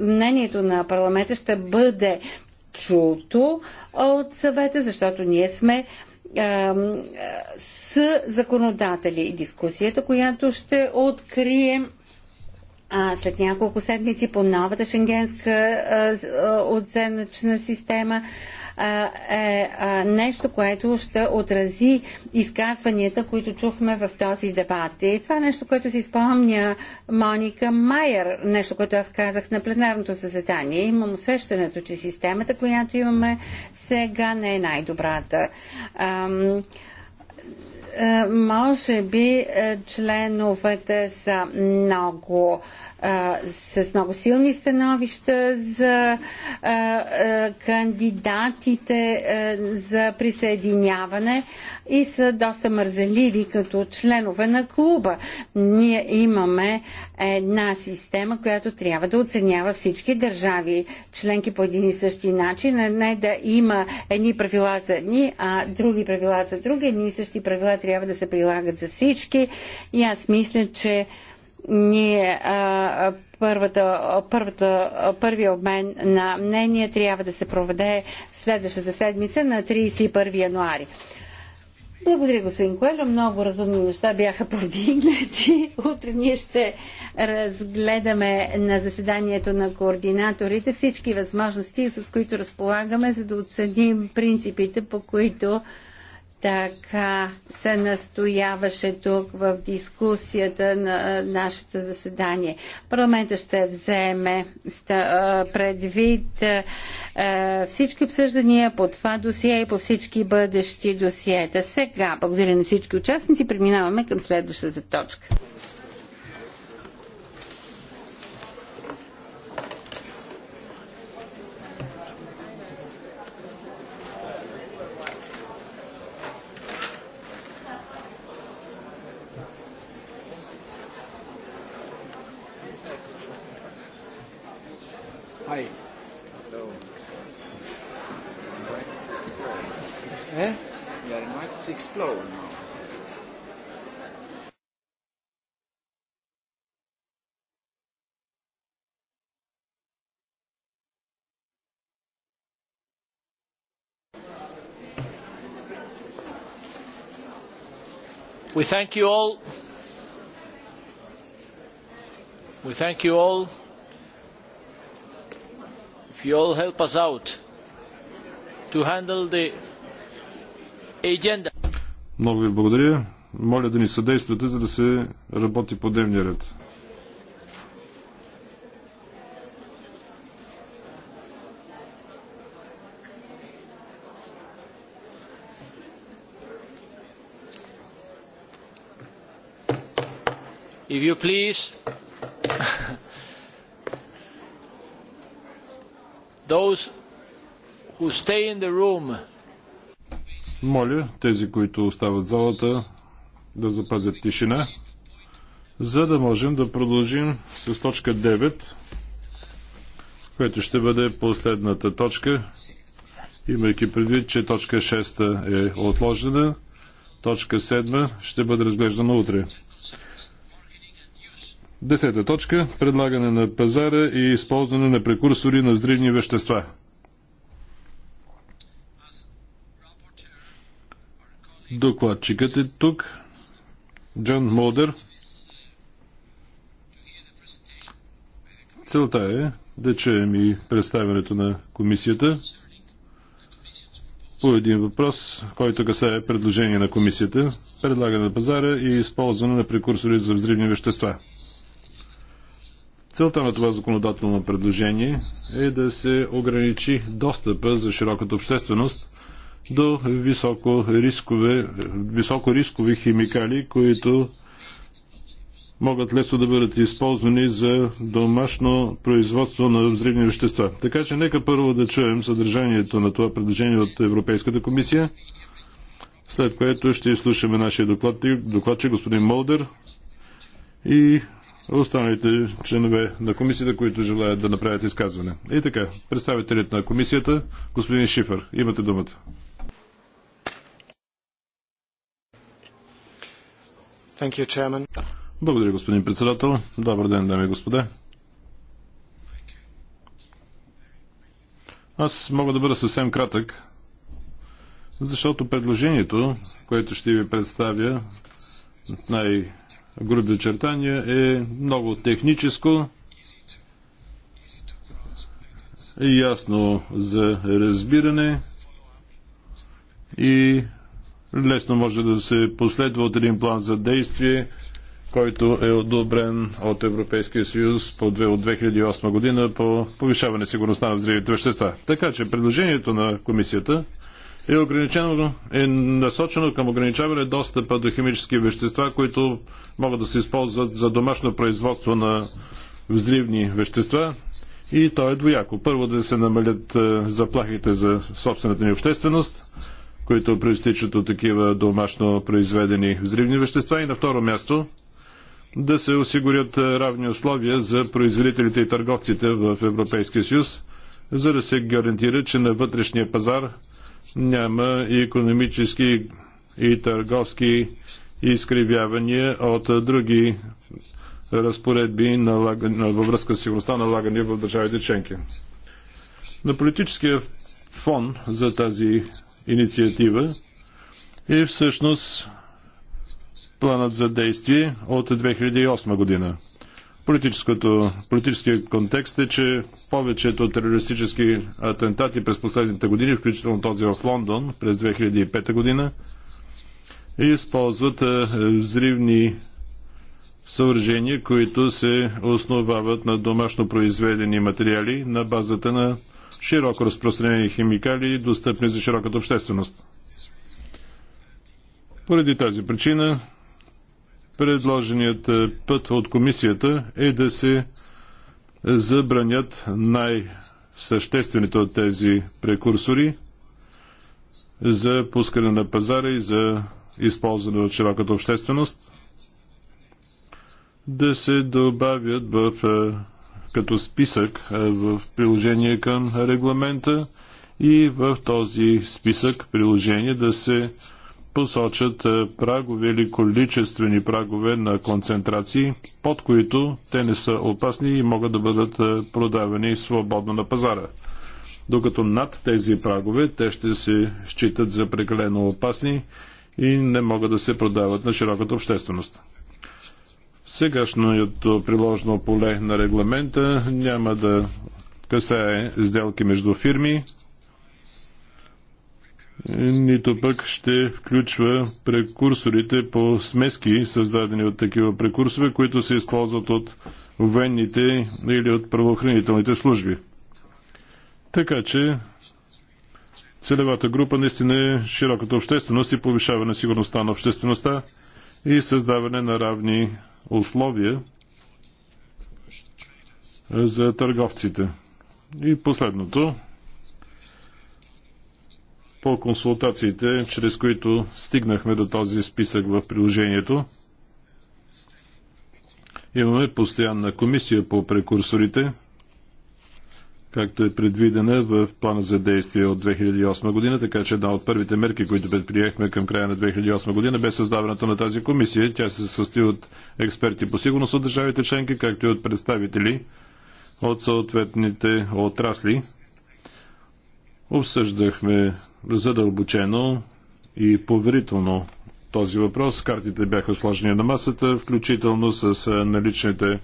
S2: мнението на парламента ще бъде чуто от съвета, защото ние сме с законодатели. Дискусията, която ще открием след няколко седмици по новата шенгенска оценъчна система, е нещо, което ще отрази изказванията, които чухме в този дебат. И това е нещо, което си спомня Моника Майер, нещо, което аз казах на пленарното заседание. Имам усещането, че системата, която имаме сега не е най-добрата е, може би е, членовете са много а, с много силни становища за а, а, кандидатите а, за присъединяване и са доста мързеливи като членове на клуба. Ние имаме една система, която трябва да оценява всички държави членки по един и същи начин, а не да има едни правила за едни, а други правила за други. Едни и същи правила трябва да се прилагат за всички. И аз мисля, че ние а, първата, първата, първия обмен на мнение трябва да се проведе следващата седмица на 31 януари. Благодаря, господин Коелю. Много разумни неща бяха повдигнати. Утре ние ще разгледаме на заседанието на координаторите всички възможности, с които разполагаме, за да оценим принципите, по които така се настояваше тук в дискусията на нашето заседание. Парламента ще вземе предвид всички обсъждания по това досие и по всички бъдещи досиета. Сега, благодаря на всички участници, преминаваме към следващата точка.
S1: We thank you all. We thank you all. If you all help us out to handle the agenda.
S3: Много ви благодаря. Моля да ни съдействате, за да се работи по дневния ред.
S1: If you please, those who stay in the room.
S3: Моля тези, които остават в залата, да запазят тишина, за да можем да продължим с точка 9, която ще бъде последната точка, имайки предвид, че точка 6 е отложена, точка 7 ще бъде разглеждана утре. Десета точка. Предлагане на пазара и използване на прекурсори на взривни вещества. Докладчикът е тук. Джон Молдер. Целта е да чуем и представянето на комисията по един въпрос, който касае предложение на комисията, предлагане на пазара и използване на прекурсори за взривни вещества. Целта на това законодателно предложение е да се ограничи достъпа за широката общественост до високо рискове, високо рискови химикали, които могат лесно да бъдат използвани за домашно производство на взривни вещества. Така че нека първо да чуем съдържанието на това предложение от Европейската комисия, след което ще изслушаме нашия доклад, докладче господин Молдер и останалите членове на комисията, които желаят да направят изказване. И така, представителят на комисията, господин Шифър, имате думата.
S1: You,
S3: Благодаря, господин председател. Добър ден, дами и господа. Аз мога да бъда съвсем кратък, защото предложението, което ще ви представя, най- груби очертания е много техническо и ясно за разбиране и лесно може да се последва от един план за действие, който е одобрен от Европейския съюз по 2 от 2008 година по повишаване сигурността на взривите вещества. Така че предложението на комисията е, ограничено, е насочено към ограничаване достъпа до химически вещества, които могат да се използват за домашно производство на взривни вещества. И то е двояко. Първо да се намалят е, заплахите за собствената ни общественост, които проистичат от такива домашно произведени взривни вещества. И на второ място да се осигурят е, равни условия за производителите и търговците в Европейския съюз, за да се гарантира, че на вътрешния пазар няма и економически и търговски изкривявания от други разпоредби на, във връзка с сигурността на лагане в държавите членки. На политическия фон за тази инициатива е всъщност планът за действие от 2008 година. Политическия контекст е, че повечето терористически атентати през последните години, включително този в Лондон през 2005 година, използват е, взривни съоръжения, които се основават на домашно произведени материали на базата на широко разпространени химикали, достъпни за широката общественост. Поради тази причина Предложеният е, път от комисията е да се забранят най-съществените от тези прекурсори за пускане на пазара и за използване от широката общественост, да се добавят в, е, като списък е, в приложение към регламента и в този списък приложение да се посочат е, прагове или количествени прагове на концентрации, под които те не са опасни и могат да бъдат е, продавани свободно на пазара. Докато над тези прагове те ще се считат за прекалено опасни и не могат да се продават на широката общественост. Сегашното приложено поле на регламента няма да касае сделки между фирми, нито пък ще включва прекурсорите по смески, създадени от такива прекурсове, които се използват от военните или от правоохранителните служби. Така че целевата група наистина е широката общественост и повишаване на сигурността на обществеността и създаване на равни условия за търговците. И последното, по консултациите, чрез които стигнахме до този списък в приложението. Имаме постоянна комисия по прекурсорите, както е предвидена в плана за действие от 2008 година, така че една от първите мерки, които предприехме към края на 2008 година, бе създаването на тази комисия. Тя се състои от експерти по сигурност от държавите членки, както и от представители от съответните отрасли, Обсъждахме задълбочено и поверително този въпрос. Картите бяха сложени на масата, включително с наличните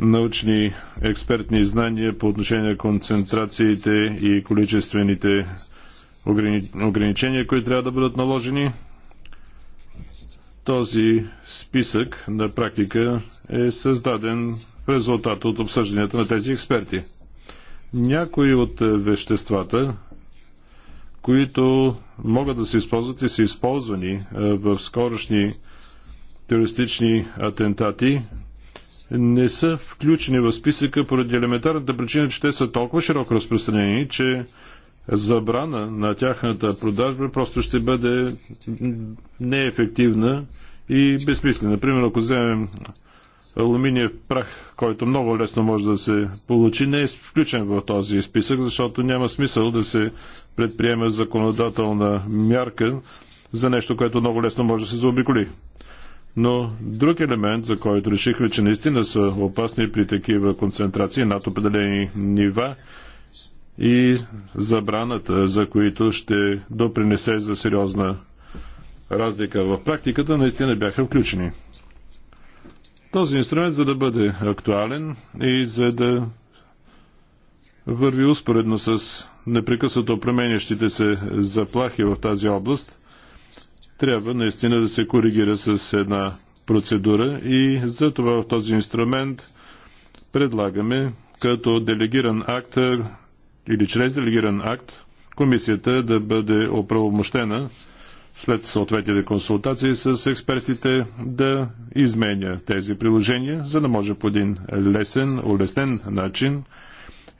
S3: научни експертни знания по отношение на концентрациите и количествените ограничения, които трябва да бъдат наложени. Този списък на практика е създаден в резултат от обсъжданията на тези експерти. Някои от е, веществата, които могат да се използват и са използвани е, в скорошни терористични атентати, не са включени в списъка поради елементарната причина, че те са толкова широко разпространени, че забрана на тяхната продажба просто ще бъде неефективна и безсмислена. Например, ако вземем алуминиев прах, който много лесно може да се получи, не е включен в този списък, защото няма смисъл да се предприеме законодателна мярка за нещо, което много лесно може да се заобиколи. Но друг елемент, за който решихме, че наистина са опасни при такива концентрации над определени нива и забраната, за които ще допринесе за сериозна разлика в практиката, наистина бяха включени този инструмент, за да бъде актуален и за да върви успоредно с непрекъснато променящите се заплахи в тази област, трябва наистина да се коригира с една процедура и за това в този инструмент предлагаме като делегиран акт или чрез делегиран акт комисията да бъде оправомощена след съответните консултации с експертите да изменя тези приложения, за да може по един лесен, улеснен начин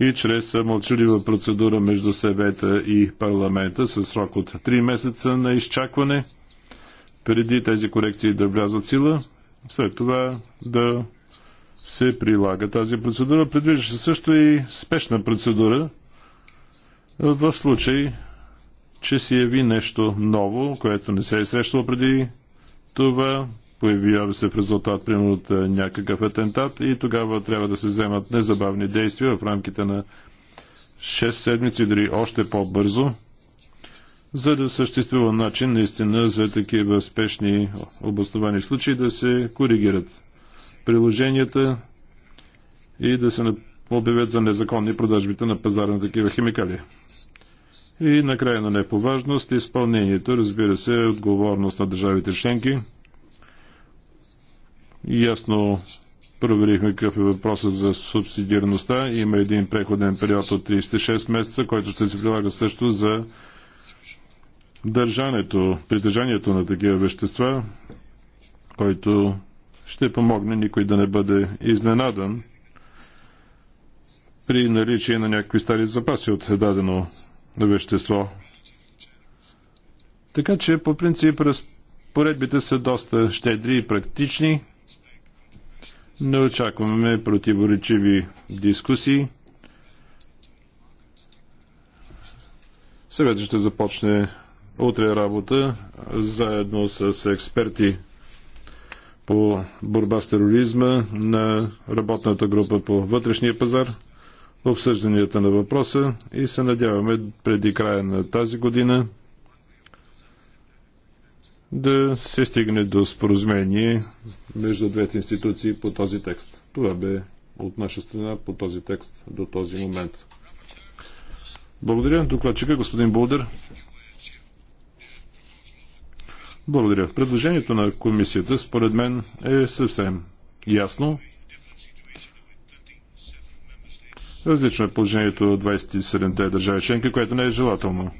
S3: и чрез мълчалива процедура между съвета и парламента с срок от 3 месеца на изчакване, преди тези корекции да влязат сила, след това да се прилага тази процедура. Предвижда се също и спешна процедура в случай че се яви нещо ново, което не се е срещало преди това. Появява се в резултат, примерно, от е, някакъв атентат и тогава трябва да се вземат незабавни действия в рамките на 6 седмици, дори още по-бързо, за да съществува начин наистина за такива спешни обосновани случаи да се коригират приложенията и да се обявят за незаконни продажбите на пазара на такива химикали. И накрая, на не по важност, изпълнението, разбира се, е отговорност на държавите членки. Ясно проверихме какъв е въпросът за субсидиарността. Има един преходен период от 36 месеца, който ще се прилага също за държането, притежанието на такива вещества, който ще помогне никой да не бъде изненадан при наличие на някакви стари запаси от дадено на вещество. Така че по принцип разпоредбите са доста щедри и практични. Не очакваме противоречиви дискусии. Съветът ще започне утре работа заедно с експерти по борба с тероризма на работната група по вътрешния пазар обсъжданията на въпроса и се надяваме преди края на тази година да се стигне до споразумение между двете институции по този текст. Това бе от наша страна по този текст до този момент. Благодаря. Докладчика господин Булдър. Благодаря. Предложението на комисията според мен е съвсем ясно Различно е положението от 27-те държави членки, което не е желателно.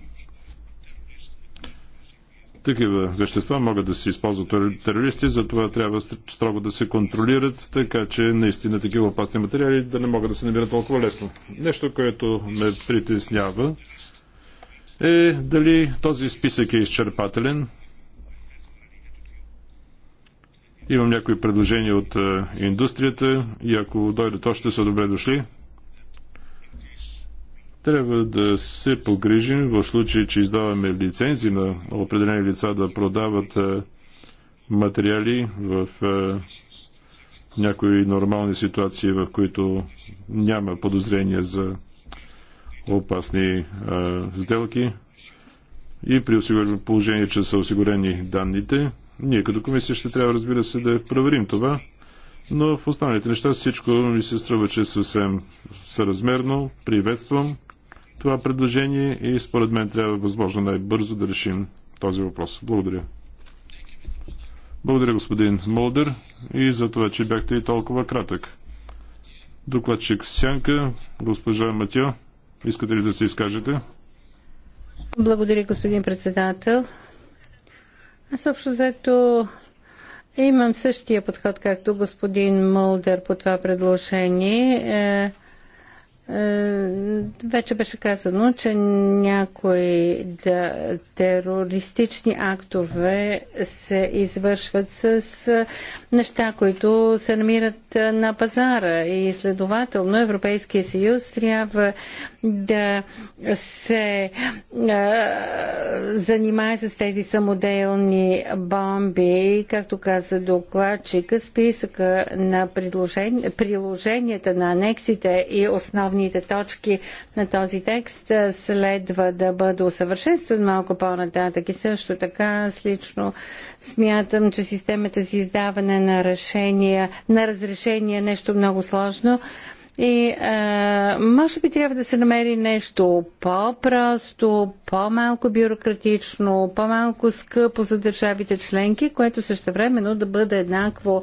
S3: Такива вещества могат да се използват от терористи, затова трябва строго да се контролират, така че наистина такива опасни материали да не могат да се намират толкова лесно. Нещо, което ме притеснява е дали този списък е изчерпателен. Имам някои предложения от е, индустрията и ако дойдат още са добре дошли. Трябва да се погрижим в случай, че издаваме лицензи на определени лица да продават е, материали в е, някои нормални ситуации, в които няма подозрения за опасни е, сделки и при положение, че са осигурени данните, ние като комисия ще трябва, разбира се, да проверим това, но в останалите неща всичко ми се струва, че е съвсем съразмерно. Приветствам това предложение и според мен трябва възможно най-бързо да решим този въпрос. Благодаря. Благодаря, господин Молдер, и за това, че бяхте и толкова кратък. Докладчик Сянка, госпожа Матио, искате ли да се изкажете?
S2: Благодаря, господин председател. Аз общо заето имам същия подход, както господин Мълдър по това предложение. Е, е, вече беше казано, че някои да, терористични актове се извършват с е, неща, които се намират е, на пазара и следователно Европейския съюз трябва да се занимае с тези самоделни бомби. Както каза докладчика, списъка на приложенията на анексите и основни гледните точки на този текст следва да бъде усъвършенстван малко по-нататък и също така аз лично смятам, че системата за издаване на решения, на разрешение е нещо много сложно. И а, може би трябва да се намери нещо по-просто, по-малко бюрократично, по-малко скъпо за държавите членки, което същевременно да бъде еднакво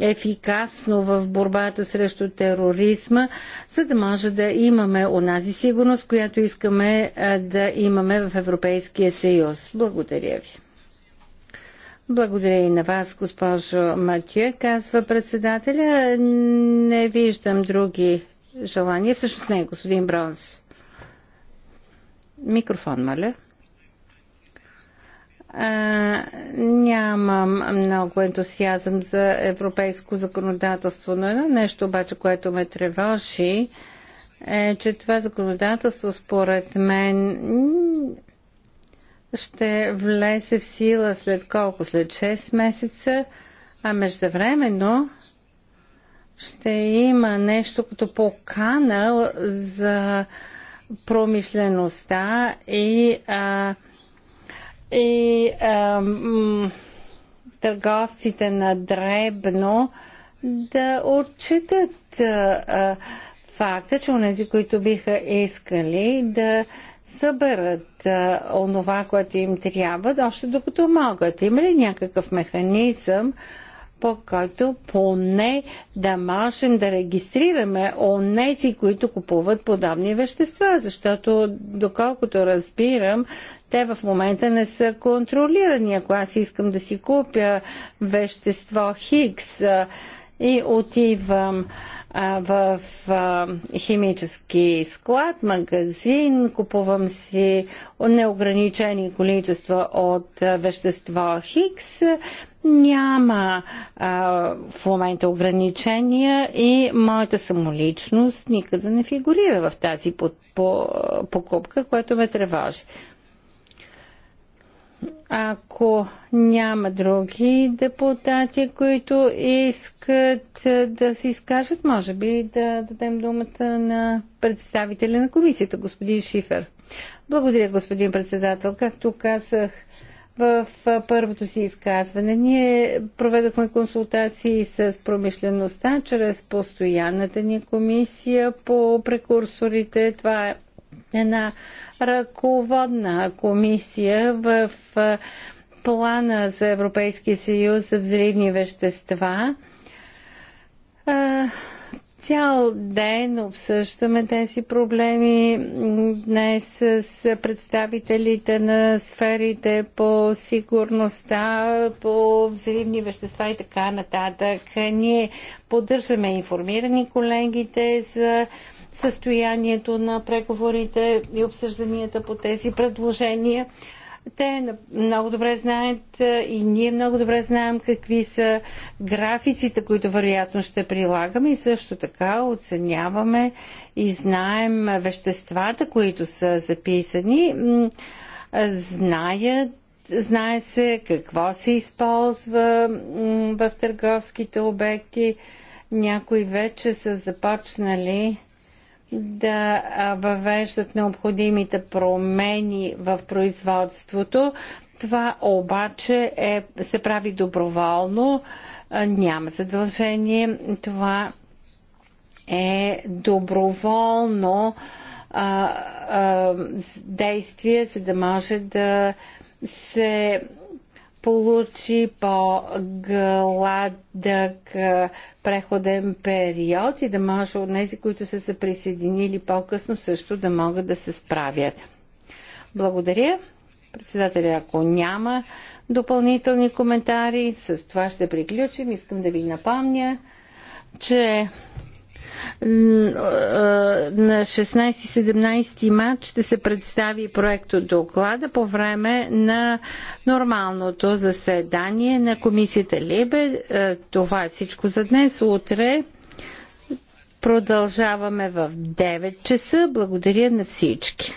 S2: ефикасно в борбата срещу тероризма, за да може да имаме онази сигурност, която искаме да имаме в Европейския съюз. Благодаря ви. Благодаря и на вас, госпожо Матю, казва председателя. Не виждам други желания. Всъщност не, господин Бронс. Микрофон, моля а, нямам много ентусиазъм за европейско законодателство, но едно нещо обаче, което ме тревожи, е, че това законодателство според мен ще влезе в сила след колко? След 6 месеца, а междувременно ще има нещо като покана за промишлеността и а, и ам, търговците на дребно да отчитат а, факта, че онези, които биха искали да съберат а, онова, което им трябва, още докато могат. Има ли някакъв механизъм, а, по който поне да можем да регистрираме онези, които купуват подобни вещества, защото доколкото разбирам, те в момента не са контролирани. Ако аз искам да си купя вещество Хикс и отивам в химически склад, магазин, купувам си неограничени количества от вещество Хикс няма а, в момента ограничения и моята самоличност никъде не фигурира в тази по, по, покупка, която ме тревожи. Ако няма други депутати, които искат да се изкажат, може би да дадем думата на представителя на комисията, господин Шифер. Благодаря, господин председател. Както казах, в първото си изказване. Ние проведохме консултации с промишлеността чрез постоянната ни комисия по прекурсорите. Това е една ръководна комисия в плана за Европейския съюз за взривни вещества. Цял ден обсъждаме тези проблеми днес с представителите на сферите по сигурността, по взривни вещества и така нататък. Ние поддържаме информирани колегите за състоянието на преговорите и обсъжданията по тези предложения. Те много добре знаят и ние много добре знаем какви са графиците, които вероятно ще прилагаме и също така оценяваме и знаем веществата, които са записани. Знаят знае се какво се използва в търговските обекти. Някои вече са започнали да въвеждат необходимите промени в производството. Това обаче е, се прави доброволно, няма задължение. Това е доброволно а, а, действие, за да може да се получи по-гладък преходен период и да може от тези, които са се присъединили по-късно, също да могат да се справят. Благодаря. Председателя, ако няма допълнителни коментари, с това ще приключим. Искам да ви напомня, че на 16-17 март ще се представи проект от доклада по време на нормалното заседание на комисията Либе. Е, това е всичко за днес. Утре продължаваме в 9 часа. Благодаря на всички.